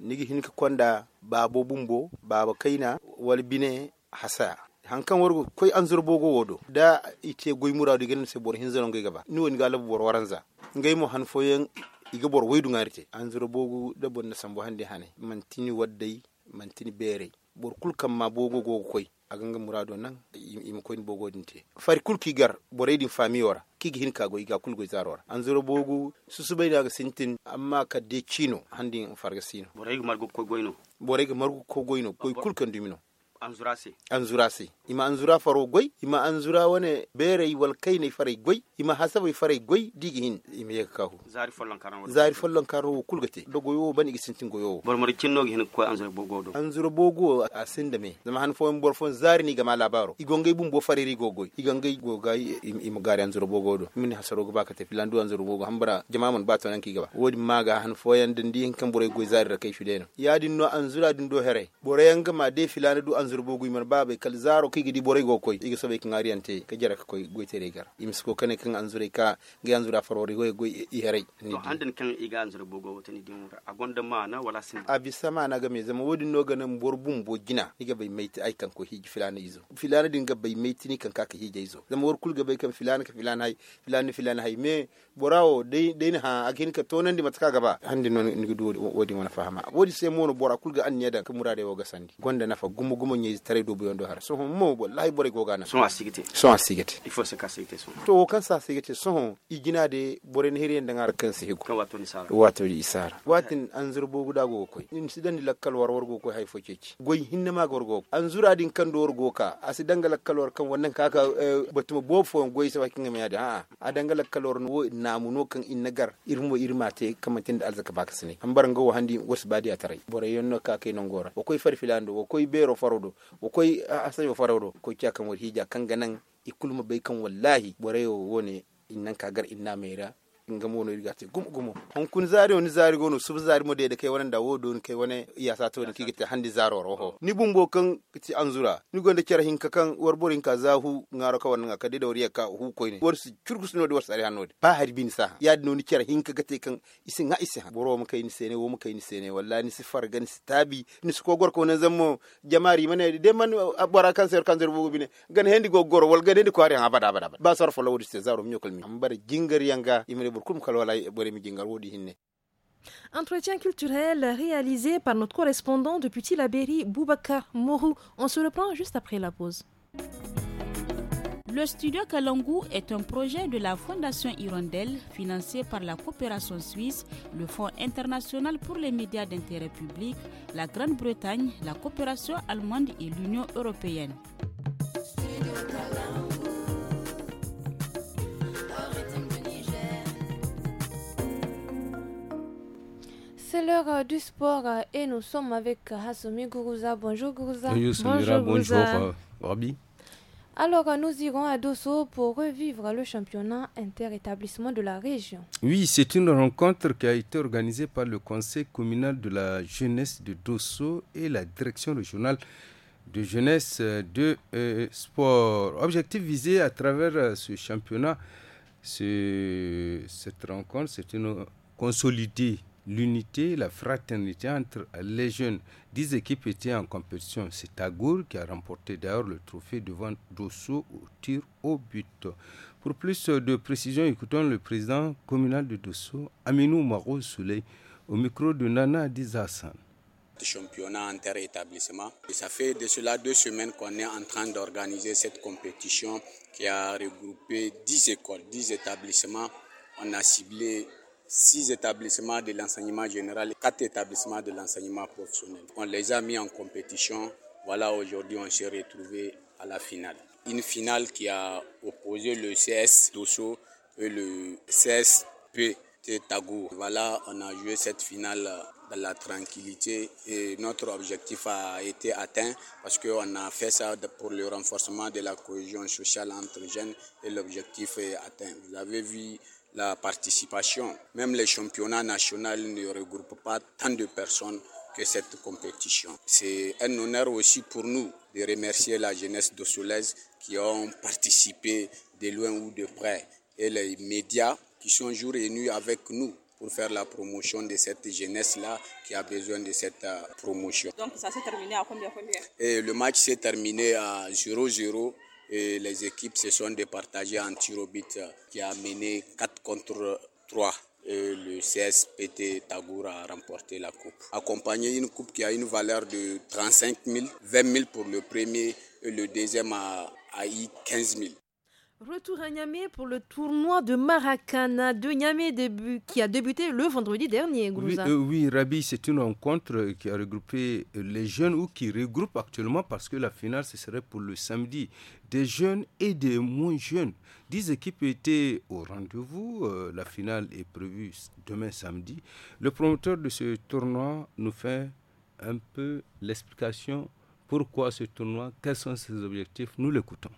nigi hinka konda babo bumbo babo kaina wal bine hasa. hankan wargo koy an zurbogo wodo da ite goy muradu gelen se bor hinzano ngai gaba ni woni galab bor waranza ngai mo han foyen iga bor waydu ngarite an zurbogo da bonna sambo hande hane mantini waddai mantini bere bor kul kam ma bogo gogo koy aganga murado nan im koyn bogo dinte fari kul kigar boraydin fami wara kigi ka kago iga kulgo zarwar an su bogu bai daga sintin amma ka de chino handin fargasino boreg margo ko goino borai margo ko goino koy kulkan dumino anzurase se ima anzura faro goi, ima anzura wone beerey wal kayne faray goi, ima hasabe faray goi digi hin ima yeka kahu zari follon karan zari follon karan kulgate dogo yo bani gi sintin goyo bor mari cinno gi hin ko anzura bogo do anzura bogo a sinda me zama han fo bor fo zari ni gama labaro igonge bum bo fariri gogoy go gai ima gari anzura bogo do Mini hasaro go baka te filandu anzura bogo hambara jamaman ba to nan gaba wodi maga han fo yan dindi hin kan bore goy zari da kai shudeno yadin no anzura din do here bore yanga ma de filana du zurbugu iman babe kal zaro kigi di boray go koy igi sobe kan ariante ka jara ka koy goitere gar imis ko kane kan anzure ka ga anzura farori go go i heray to handan kan iga anzure bogo tani din a gonda mana wala sin abisa mana ga me zama wodin no ga nan borbun bo gina iga bai maiti ai kan ko hiji filana izo filana din ga bay maiti ni kan ka ka hiji izo zama wor ga bay kan filana ka filana hay filana filana hay me borawo dai dai ha agin ka tonan di mataka gaba handin non ni wodi wana fahama wodi sai mono bora kulga an ne da kumura da yoga sandi gonda nafa gumu gumu mo ñeyi tare do buyon do har so hon mo wallahi bore ko gana so sigite so asigete il faut se ka sigete so to kan sa sigite so hon igina de bore ne hiri ndangar kan se higo kan wato ni sara wato ni sara watin an zurbo guda go koy in sidan lakkal war war go ko. hay foceci goy hinna ma gor go an zura din kan do war go ka asidan lakkal war kan wannan kaka eh, batuma bo fo goy sa wakin me yada a a danga lakkal war no namu no kan in nagar irmo irma te kamantin da alzaka baka sine an barango handi wasu badi a tarai bore yonno ka kai non koy farfilando o koy bero faro fardo wo koy asay wo fardo ko kiya kan wor hija kan ganan ikulma bay kan wallahi borayo wone innan kagar inna meira nga riga ce gumu gumu hon kun zari oni zari gono su zari mo da kai wannan da wodo ni kai wani iya sa to kike ta handi zaro roho ni bumbo kan ci anzura ni gonda kira hin ka kan warborin ka zahu ngaro ka wannan ka de da wariya ka hu koi ne warsu curgus no de warsari hanno ba bin sa ya no ni kira hin ka gate kan isin ha isin boro mu kai ni sene wo mu kai ni sene wallahi ni sifar gan si tabi ni su kogor ko ne zammo jamari mane de man abara ah, kan kanser bugu bine gan hendi go gor wal gan hendi ko ari bada bada ba sarfo folo se zaro mi nyokol mi ambar jingar yanga imre Entretien culturel réalisé par notre correspondant de Petit-Labéry, Boubacar Morou. On se reprend juste après la pause. Le studio Kalangou est un projet de la Fondation Hirondelle financé par la coopération suisse, le Fonds international pour les médias d'intérêt public, la Grande-Bretagne, la coopération allemande et l'Union européenne. c'est l'heure euh, du sport euh, et nous sommes avec euh, Hasumi Gourouza. Bonjour Gourouza. Bonjour, bonjour, Alors, nous irons à Dosso pour revivre le championnat inter-établissement de la région. Oui, c'est une rencontre qui a été organisée par le Conseil communal de la jeunesse de Dosso et la direction régionale de jeunesse de sport. Objectif visé à travers ce championnat, cette rencontre, c'est une consolider l'unité, la fraternité entre les jeunes. Dix équipes étaient en compétition. C'est Tagour qui a remporté d'ailleurs le trophée devant Dosso au tir au but. Pour plus de précisions, écoutons le président communal de Dosso, Aminou Maro Souley, au micro de Nana Dizassan. championnat inter-établissement. Ça fait de cela deux semaines qu'on est en train d'organiser cette compétition qui a regroupé dix écoles, 10 établissements. On a ciblé six établissements de l'enseignement général et quatre établissements de l'enseignement professionnel. On les a mis en compétition. Voilà, aujourd'hui, on s'est retrouvé à la finale. Une finale qui a opposé le CS d'Osso et le CSP Tagou. Voilà, on a joué cette finale dans la tranquillité et notre objectif a été atteint parce qu'on a fait ça pour le renforcement de la cohésion sociale entre jeunes et l'objectif est atteint. Vous avez vu la participation. Même les championnats nationaux ne regroupent pas tant de personnes que cette compétition. C'est un honneur aussi pour nous de remercier la jeunesse de qui ont participé de loin ou de près et les médias qui sont jour et nuit avec nous pour faire la promotion de cette jeunesse-là qui a besoin de cette euh, promotion. Donc ça s'est terminé à combien, de Et le match s'est terminé à 0-0 les équipes se sont départagées en tir euh, qui a mené 4 contre 3. le CSPT Tagour a remporté la coupe. Accompagné une coupe qui a une valeur de 35 000, 20 000 pour le premier et le deuxième a, a eu 15 000. Retour à Niamey pour le tournoi de Maracana de Niamey début, qui a débuté le vendredi dernier. Euh, oui, Rabi, c'est une rencontre qui a regroupé les jeunes ou qui regroupe actuellement parce que la finale, ce serait pour le samedi. Des jeunes et des moins jeunes. Dix équipes étaient au rendez-vous. Euh, la finale est prévue demain samedi. Le promoteur de ce tournoi nous fait un peu l'explication pourquoi ce tournoi, quels sont ses objectifs. Nous l'écoutons.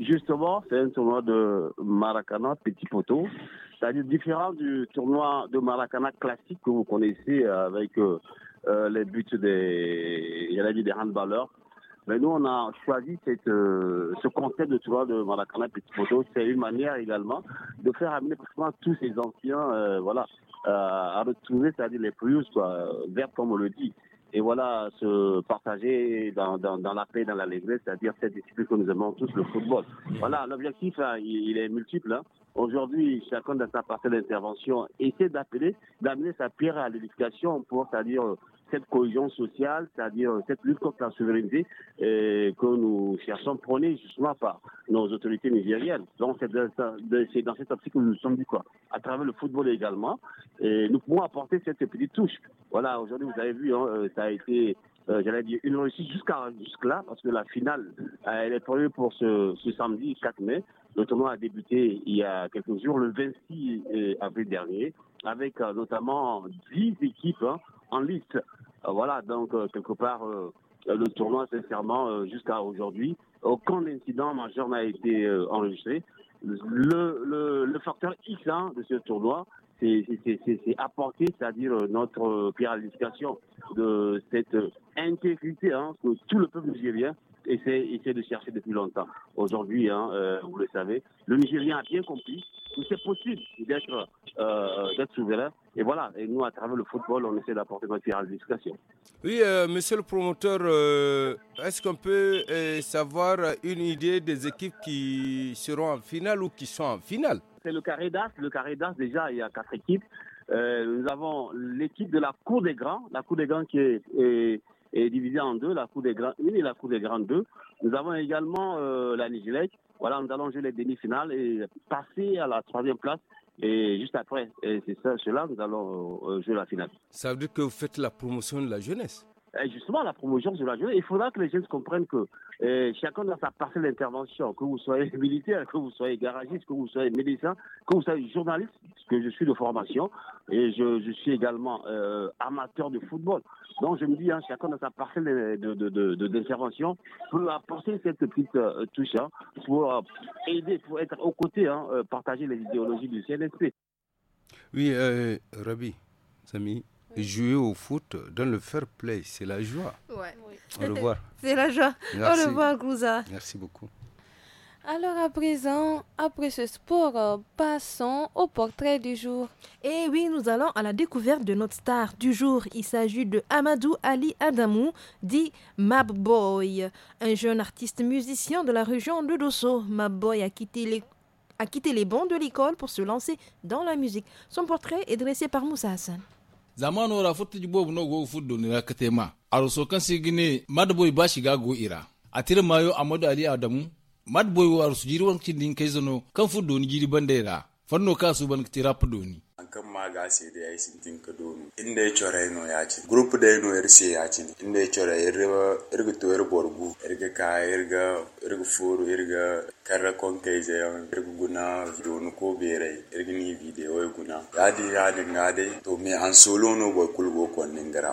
Justement, c'est un tournoi de Maracana, petit poteau, c'est-à-dire différent du tournoi de Maracana classique que vous connaissez avec euh, euh, les buts des, des handballeurs. Mais nous, on a choisi euh, ce concept de tournoi de Maracana Petit Poteau. C'est une manière également de faire amener tous ces anciens voilà, à retrouver, c'est-à-dire les plus verts, comme on le dit et voilà, se partager dans, la paix, dans la l'allégresse, c'est-à-dire cette discipline que nous aimons tous, le football. Voilà, l'objectif, hein, il, est multiple. Hein. Aujourd'hui, chacun dans sa partie d'intervention essaie d'appeler, d'amener sa pierre à l'éducation pour, c'est-à-dire euh, cette cohésion sociale, c'est-à-dire euh, cette lutte contre la souveraineté euh, que nous cherchons prôner justement par nos autorités nigériennes. Donc c'est dans, dans cette optique que nous nous sommes dit quoi. À travers le football également, nous pouvons apporter cette petite touche. Voilà, aujourd'hui vous avez vu, hein, euh, ça a été j'allais dire, une réussite jusqu'à jusque-là, parce que la finale, elle est prévue pour ce, samedi 4 mai. Le tournoi a débuté il y a quelques jours, le 26 avril dernier, avec notamment 10 équipes hein, en lice. Euh, voilà, donc euh, quelque part, euh, le tournoi, sincèrement, jusqu'à aujourd'hui, aucun incident majeur n'a été enregistré. Le, facteur X hein, de ce tournoi, c'est apporter, c'est-à-dire notre clarification de cette intégrité hein, que tout le peuple nigérien essaie, de chercher depuis longtemps. Aujourd'hui, hein, vous le savez, le Nigérien a bien compris c'est possible euh, euh, d'être euh, souverain. Et voilà, et nous, à travers le football, on essaie d'apporter notre l'éducation. Oui, euh, monsieur le promoteur, est-ce qu'on peut savoir une idée des équipes qui seront en finale ou qui sont en finale C'est le carré d'as. Le carré d'as, déjà, il y a quatre équipes. nous avons l'équipe de la Cour des Grands, la Cour des Grands qui est, divisée en deux, la Cour des Grands 1 et la Cour des Grands 2. Nous avons également la Nigilec. Voilà, nous allons jouer les demi-finales et passer à la troisième place. Et juste après, c'est ça, cela, nous allons euh, jouer la finale. Ça veut dire que vous faites la promotion de la jeunesse justement la promotion de la journée, Il faudra que les jeunes comprennent que eh, chacun dans sa parcelle d'intervention, que vous soyez [LAUGHS] militaire, que vous soyez garagiste, que vous soyez médecin, que vous soyez journaliste, parce que je suis de formation et je, suis également euh, amateur de football. Donc je me dis, hein, chacun dans sa parcelle d'intervention peut apporter cette petite euh, touche hein, pour euh, aider, pour être aux côtés, hein, partager les idéologies du CNSP. Oui, Rabi, Samy jouer au foot donne le fair play. C'est la joie. Ouais. Oui. Au C'est la joie. Au revoir, Gouza. Merci beaucoup. Alors à présent, après ce sport, euh, passons au portrait du jour. Et eh oui, nous allons à la découverte de notre star du jour. Il s'agit de Amadou Ali Adamou, dit Mabboy, un jeune artiste musicien de la région de Dosso. Mabboy a quitté les a quitté les bancs de l'école pour se lancer dans la musique. Son portrait est dressé par Moussa Hassan. zamano ra futti jibobu no go fuddo ni rakatema aruso kan si gine madboy ba ga go ira atire mayo amadu ali adamu madboy wa aruso jiri wancin din kai zano kan fuddo ni jiri bandera fanno kasu ban tira rapido an kan ga sai da yayi sintin ka in inda ya chora ino ya ci group da ino yar sai ya ci inda ya chora yar irga to yar borgu irga ka irga irga foro irga karra kon kai je yon irga guna dono ko bere irga ni video ya guna ya di ya di ngade to me an solo no boy kulgo kon ningara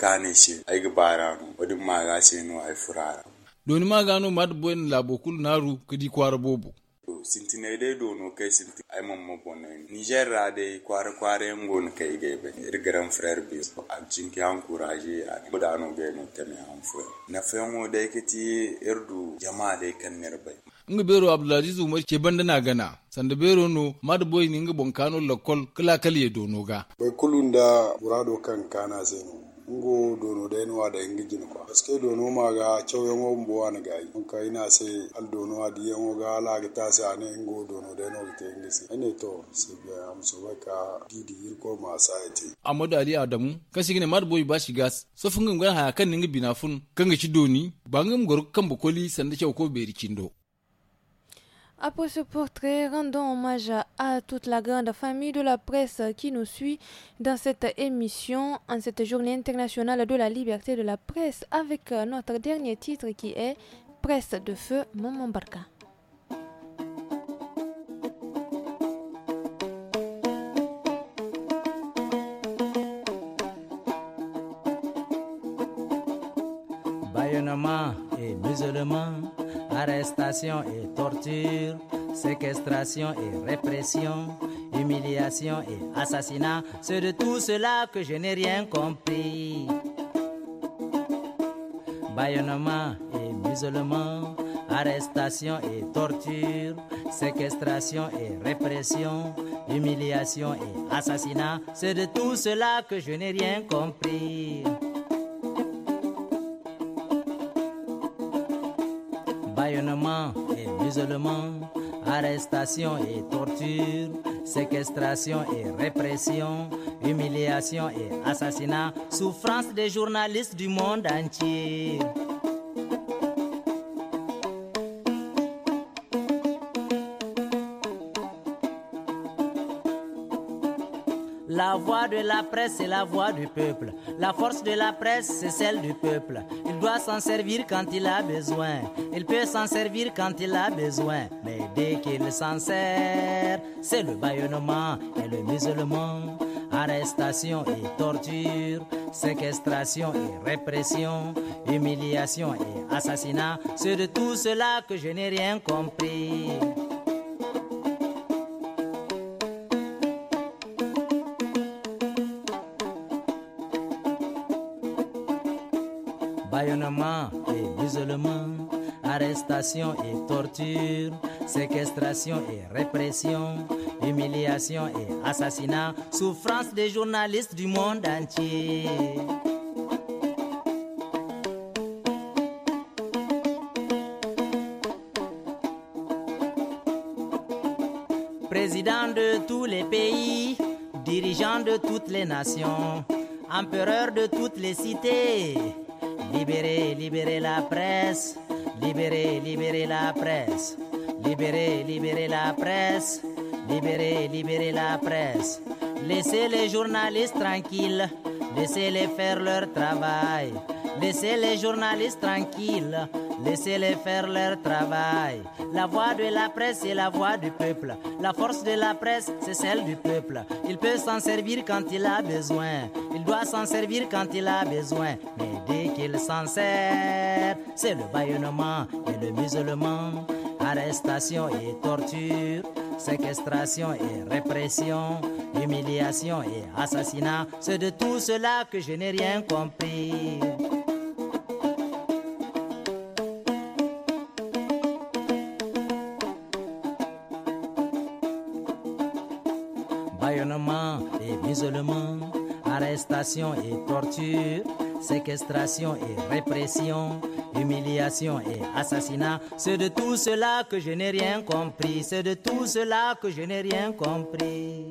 ka ne shi ai ga barano wadin maga sai no ai furara doni magano mad boy labo kul naru kidi kwara bobo sintinede do no kai sinti ay mamma bonen de kware kware ngon kai gebe ir er grand frère bi ak jinki encourager ak bodano be no teme an fu na de kiti irdu er jama de kan nga bero abdulaziz umar ke bandana gana sanda bero no mada boy ni nga kano lakol kala kala ye do no ga bai kulun da murado kan kana ngo dono da yanwa da yanga gini kwa gaske dono ma ga cew yango mbo na gayi mun ka na se al dono diyan wa ga ala ga ta se ne ngo dono da yanwa ta yanga sai ne to se ga amso ba ka didi ko ma sa ite amadu ali adamu kashi ne boyi boy shi gas so fungin gan haya kan ningi binafun kan ga shi doni mu gor kan bokoli sanda cewa ko beri kindo Après ce portrait, rendons hommage à toute la grande famille de la presse qui nous suit dans cette émission, en cette journée internationale de la liberté de la presse, avec notre dernier titre qui est Presse de feu, Maman Barca. et musulmans arrestation et torture, séquestration et répression, humiliation et assassinat. C'est de tout cela que je n'ai rien compris. Bayonnement et musulman, arrestation et torture, séquestration et répression, humiliation et assassinat. C'est de tout cela que je n'ai rien compris. arrestation et torture, séquestration et répression, humiliation et assassinat, souffrance des journalistes du monde entier. La voix de la presse, c'est la voix du peuple. La force de la presse, c'est celle du peuple doit s'en servir quand il a besoin. Il peut s'en servir quand il a besoin. Mais dès qu'il s'en sert, c'est le baillonnement et le musulman. Arrestation et torture, séquestration et répression, humiliation et assassinat. C'est de tout cela que je n'ai rien compris. et torture, séquestration et répression, humiliation et assassinat, souffrance des journalistes du monde entier. Président de tous les pays, dirigeant de toutes les nations, empereur de toutes les cités, libérez, libérez la presse. Libérez, libérez la presse. Libérez, libérez la presse. Libérez, libérez la presse. Laissez les journalistes tranquilles. Laissez-les faire leur travail. Laissez les journalistes tranquilles. Laissez-les faire leur travail. La voix de la presse est la voix du peuple. La force de la presse, c'est celle du peuple. Il peut s'en servir quand il a besoin. Il doit s'en servir quand il a besoin. Mais dès qu'il s'en sert, c'est le baillonnement et le musulman. Arrestation et torture, séquestration et répression, humiliation et assassinat. C'est de tout cela que je n'ai rien compris. et torture, séquestration et répression, humiliation et assassinat. C'est de tout cela que je n'ai rien compris. C'est de tout cela que je n'ai rien compris.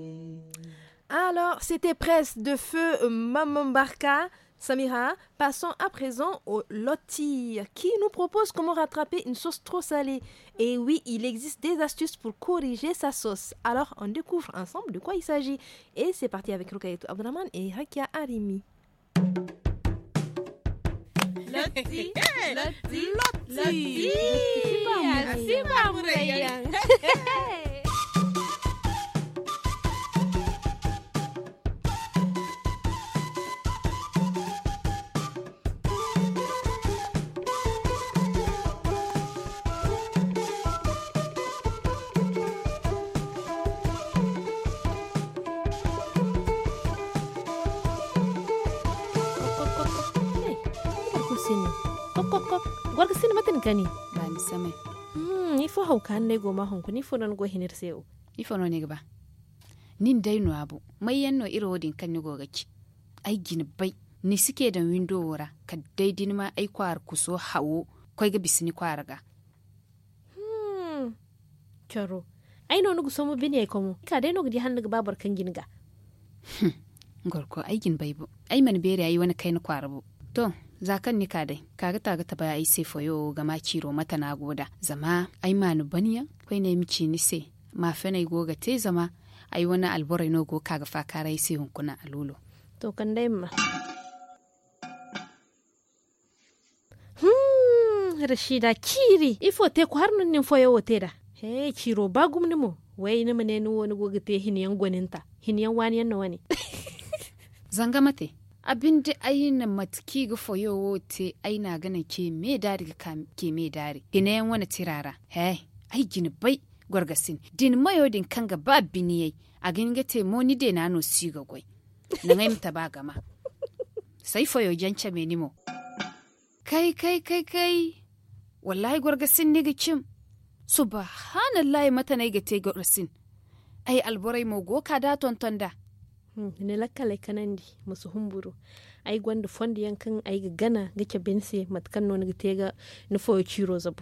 Alors, c'était presque de Feu euh, Mamambarka. Samira, passons à présent au lotir qui nous propose comment rattraper une sauce trop salée. Et oui, il existe des astuces pour corriger sa sauce. Alors, on découvre ensemble de quoi il s'agit. Et c'est parti avec Rukayetu Abdraman et Hakia Arimi. lotti, [LAUGHS] [LAUGHS] matini kok kok kok gorga sin matin kani ba ni same hmm ifo hauka ne go ma honku ni fo non go hinir seo ifo non ne ba nin dai no abu mai yanno iro din kan ni go ki ai gini bai ni suke da windo wora ka dai din ma ai kwar so hawo kai ga bisini kwar ga hmm kyaro ai no nugu somo bini ai komo ka dai no di hannu ga babar kan gin ga gorko ai gin bai bu ai man bere ai wani kai ni kwar bu to zakan nika dai ga taga ta baya ise foyo gama kiro mata na goda zama ai manu baniya kai ne mici ni se ma fenai goga te zama ai wani alborai no go ga fa rai se hunkuna alulo to kan dai ma hmm, rashida kiri ifo te ku har nun nin foyo wote da he kiro ba ni mu. wai ni mene ni wani goga te hiniyan gwaninta hiniyan wani yan wani [LAUGHS] zanga mate abin da aina matuki ga foyowo te aina gana ke me dari ke me dari hinayen wani tirara hey ai gini bai gwargasin din mayo din kan ga ba yai a gini ga te ni de na no si ga gwai na ngai mta ba gama sai foyo janca me nimo kai kai kai kai wallahi gwargasin ne ga kim subhanallahi mata na ga te gwargasin ai alborai mo goka da tonton da Hmm, ne lakkale kanandi musu humburu ai gwanda fondi yankan ai ga gana ga ke bense matkan no ga tega no fo chiro zabu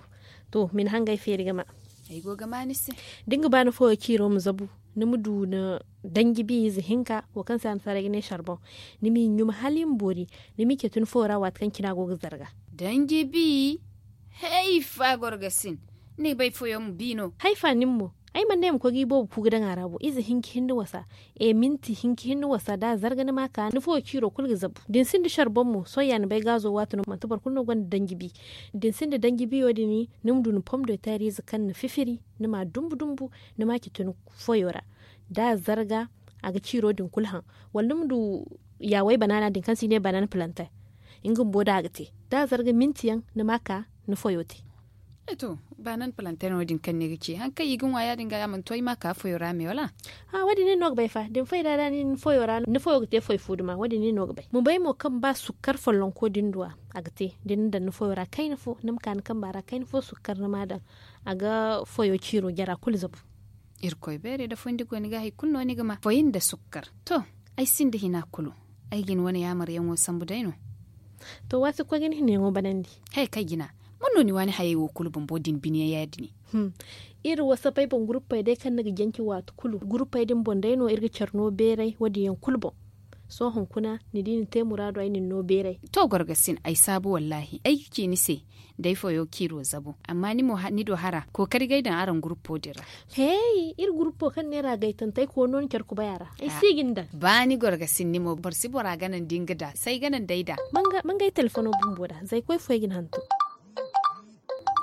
to min hangai feri gama ai go gama ni se dinga ba no fo chiro mu zabu ni mudu na dangi bi zihinka wa kan san sarage ne sharbon ni mi nyum halin bori ni mi ke tun fora wat kan kina go zarga dangi bi hey fa gorgasin ni bai fo yom bino hay fa nimmo ai man nem kogi bobu ku gidan arabo izi hinki hindu wasa e minti hinki hindu wasa da zargani maka nufo kiro kulga zabu din sindi sharbon mu soyan bai gazo watu no mantubar kulno gwan dangibi din sindi dangibi wadi ni numdu nu pomdo tari zakan na fifiri ni ma dumbu dumbu ni ma kitun foyora da zarga aga kiro din kulhan wallum du wai banana din kansi ne banana plantain ingin boda agati da zarga mintiyan ni maka ni foyote to ba nan plantain wadin kan ne gike han kai igin waya dinga ya mun toy maka foyo rame wala ha wadi ne nok bai fa din foy da ni foyo ran ni foyo te foy food ma wadi ne nok bai mun bai mo kan ba sukar fallon ko din duwa agte din da ni foyo ra kai fo nim kan kan ba ra kai fo su sukar na da aga foyo ciro gyara kulzab irkoy bere da ko ni ga hay kunno ni gama foyin da sukkar to ai sin da hina kulu ai gin wani mar yan wasan budaino to wasu ko gin hinne ngo banandi hay kai gina monnoni wani haye wo kulu bon din biniya yadini hmm. iri wasa bai bon gurpa dai kan naga janki wat kulu gurpa din bon dai no irga charno berai wadi yan kulbo so hon kuna ni dini te murado a nin no berai to gargasin ai sabu wallahi aiki ki ni se dai fo yo kiro zabo amma ni mo ni do hara ko kari gaidan aran gurpo dira hey ir gurpo kan ne ra gaitan tai ko non kyar ku bayara ai sigin da ba ni gargasin ni mo barsi bora ganan dinga da sai ganan daida manga manga telefono bumboda zai koi fo gin hantu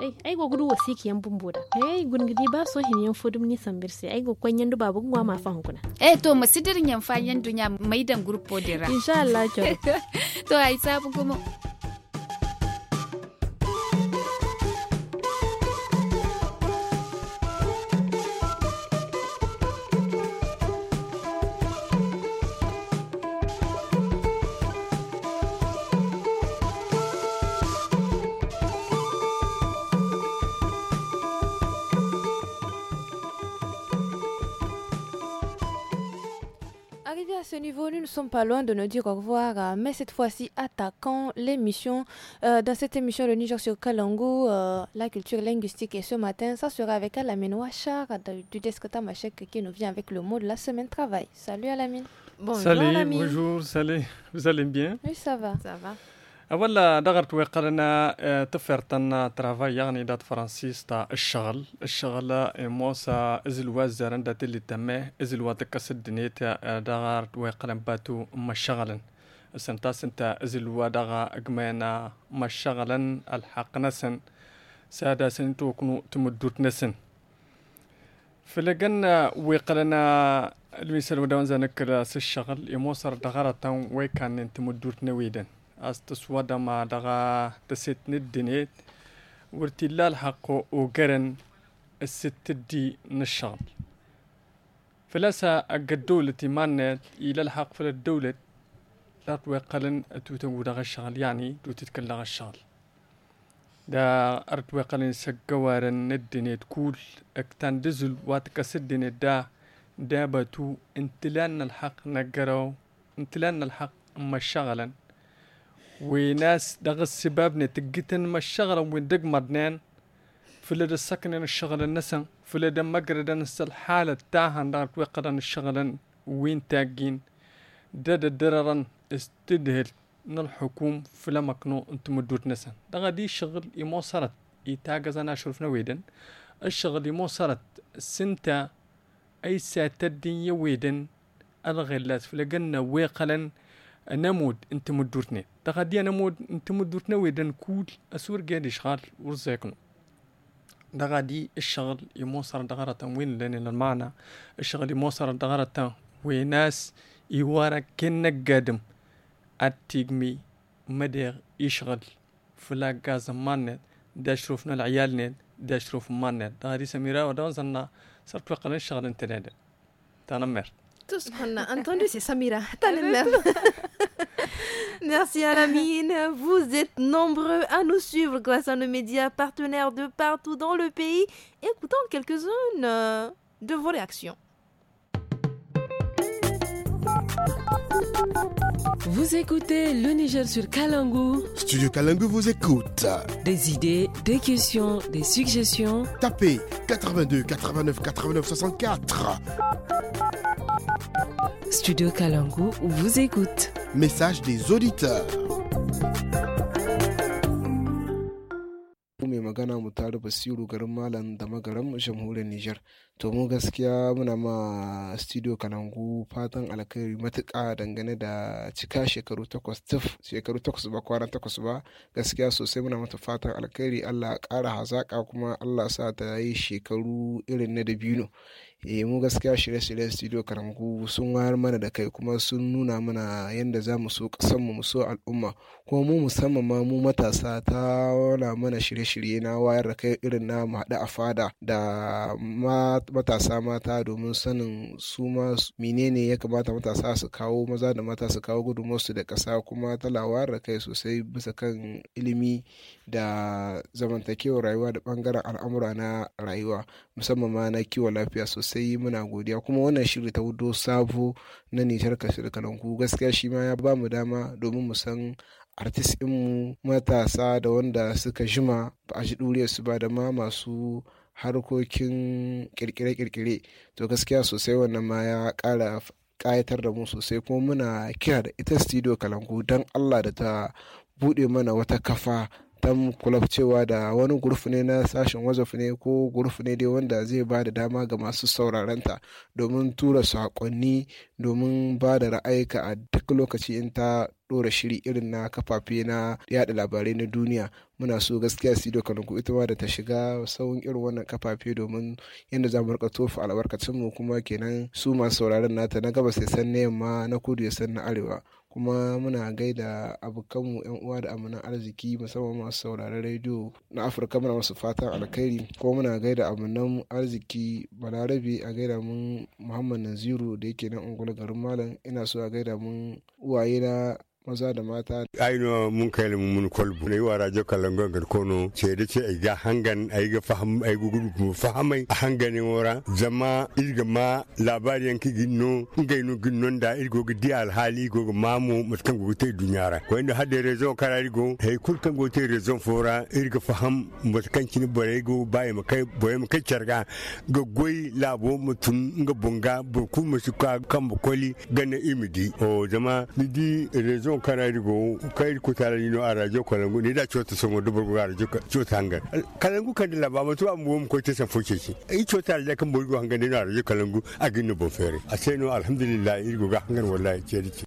ai ai go gudu wasi ki yan bumbuda ai gidi ba so hin yan fudum ni sambirse ai go kon yan duba bugwa ma fa hukuna eh to masidirin yan fa yan dunya maidan grupo dira insha Allah [LAUGHS] to ai sabu kuma pas loin de nous dire au revoir, euh, mais cette fois-ci attaquons l'émission. Euh, dans cette émission, le Niger sur Kalangu, euh, la culture linguistique, et ce matin, ça sera avec Alamine Ouachar du desk qui nous vient avec le mot de la semaine travail. Salut Alamine. Bonjour Salut, bonjour, salut. Vous allez bien Oui, ça va. Ça va. اولا دغرت ويقرنا آه، تفرتن ترافاي يعني دات تا الشغل الشغل آه، موسى ازل وزر عند تلي تمه ازل وتكس الدنيت آه، دغرت ويقرن باتو ما شغلا سنتا سنتا ازل ودغا اقمينا ما شغلا الحق نسن سادا سنتو كنو تمدوت نسن فلقنا ويقرنا المثال ودوان زانك الشغل يموسر دغرة ويكان انت نويدن astus wadamaa dhaqaa dhasetnedineed wartilaal xaqo oo garan دي نشام فلسا الدولة مانت إلى الحق في الدولة لا توقلن توتن ودغ الشغل يعني توتتك لغ الشغل دا أرتوقلن سجوارن ندنيت كول اكتان دزل واتكسدن دا دابتو انتلان الحق نقرو انتلان الحق مشغلا وناس دغ السباب نتقتن ما الشغل وين دق مرنين فلد السكن الشغل النسن فلد مقرد نس الحالة تاهن دار وقرن الشغل وين تاقين دد دررن استدهل الحكوم فلا مكنو انت مدود نسن دغا دي شغل يمو صارت يتاقز انا شرفنا ويدن الشغل يمو صارت سنتا اي الدنيا ويدا الغلات فلقنا ويقلن نمود انت مدورتني تغدي نمود انت مدورتنا ويدن كول اسور قاعد يشغال ورزاكم دا الشغل يموصر دغرة وين لان المعنى الشغل يموصر دغرة ويناس يوارا كنك قادم التيجمي مدير يشغل فلا غاز مانت دا شروفنا العيال نت دا شروف مانت دا غادي سميرا ودون زنا صرت وقلا الشغل انت نادر تنمر Tout ce qu'on a entendu, c'est Samira. [LAUGHS] [LAUGHS] Merci à la mine. Vous êtes nombreux à nous suivre grâce à nos médias partenaires de partout dans le pays. Écoutons quelques-unes euh, de vos réactions. Vous écoutez le Niger sur Kalangu. Studio Kalangu vous écoute. Des idées, des questions, des suggestions. Tapez 82 89 89 64. Studio Kalangu vous écoute. Message des auditeurs. mai magana mu tare basiru garin malam da magaran jamhuriyar nijar to mu gaskiya muna ma studio kanangu fatan alkhairi matuƙa dangane da cika shekaru takwas shekaru takwas ba kwana takwas ba gaskiya sosai muna mata fatan alkhairi allah ƙara hazaƙa kuma allah sa ta yi shekaru irin na dabino eh mu gaskiya shirye-shiryen studio karamku sun wayar mana da kai kuma sun nuna mana yadda za mu so kasan mu so al'umma kuma mu musamman ma mu matasa ta wana mana shirye-shirye na wayar da kai irin na mu haɗu a fada da matasa mata domin sanin su ma menene ya kamata matasa su kawo maza da mata su kawo gudunmuwarsu da ƙasa kuma tala wayar da kai sosai bisa kan ilimi da zamantakewar rayuwa da bangaren al'amura na rayuwa musamman ma na kiwon lafiya sosai muna godiya kuma wannan shiri ta hudu sabo na nitar kasir kalanku gaskiya shi ma ya ba mu dama domin mu san artist mu matasa da wanda suka jima ba a ji su ba da ma masu harkokin kirkire-kirkire to gaskiya sosai wannan ma ya kara kayatar da mu sosai kuma muna kira da ita studio kalangu don allah da ta buɗe mana wata kafa dan club cewa da wani guruf ne na sashen wazaf ne ko guruf ne dai wanda zai ba da dama ga masu ta domin tura saƙonni domin ba da ra'ayika a duk lokaci in ta ɗora shiri irin na kafafe na yada labarai na duniya muna so gaskiya su da kanku ita ma da ta shiga tsawon irin wannan kafafe domin yadda za mu rika tofa albarkacin kuma kenan su masu sauraron nata na gaba sai san na yamma na kudu ya san na arewa kuma muna gaida abokanmu yan uwa da amanan arziki musamman masu sauraron rediyo na afirka muna masu fatan alkhairi kuma muna gaida amanan arziki balarabe a gaida mun muhammad naziru da yake nan unguwar garin malam ina so a gaida mun uwaye na maza da mata. Aino mun kai mun mun kolbu. Ne wa rajo kalangon gar kono ce da ce ga hangan ai ga faham ai gugu mu fahamai a hanganin wora zama irga ma labari yanki ginno ngai ginnon da irgo ga di alhali go ga mamu mutkan go te dunyara. Ko inda hadde rezo karari go hey kulkan go te rezo fora irga faham mutkan kin bare go bai mu kai boye mu kai charga ga goyi labo mutun ga bunga bu ku mu su ka kan bukoli gane imidi. O zama ni di rezo o kana digo kai ku tara ni no arajo kalangu ni da chota songo dubar go arajo chota hanga kalangu kan la ba mutu am wom ko te san fuke ki i chota da kan bolgo hanga ni no arajo kalangu agin no bo fere aseno alhamdulillah irgo ga hangar wallahi ke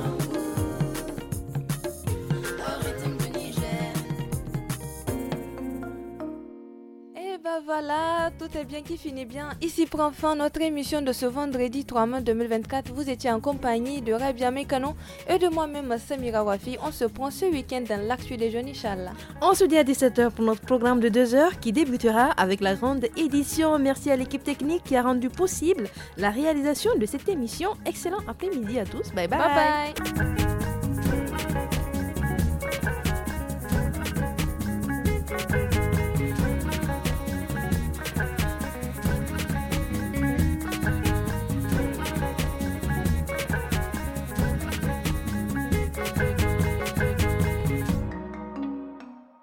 Bah voilà, tout est bien qui finit bien. Ici prend fin notre émission de ce vendredi 3 mai 2024. Vous étiez en compagnie de Rabia Mekano et de moi-même Samira Wafi. On se prend ce week-end dans l'actu des jeunes, Inch'Allah. On se dit à 17h pour notre programme de 2h qui débutera avec la grande édition. Merci à l'équipe technique qui a rendu possible la réalisation de cette émission. Excellent après-midi à tous. bye. bye.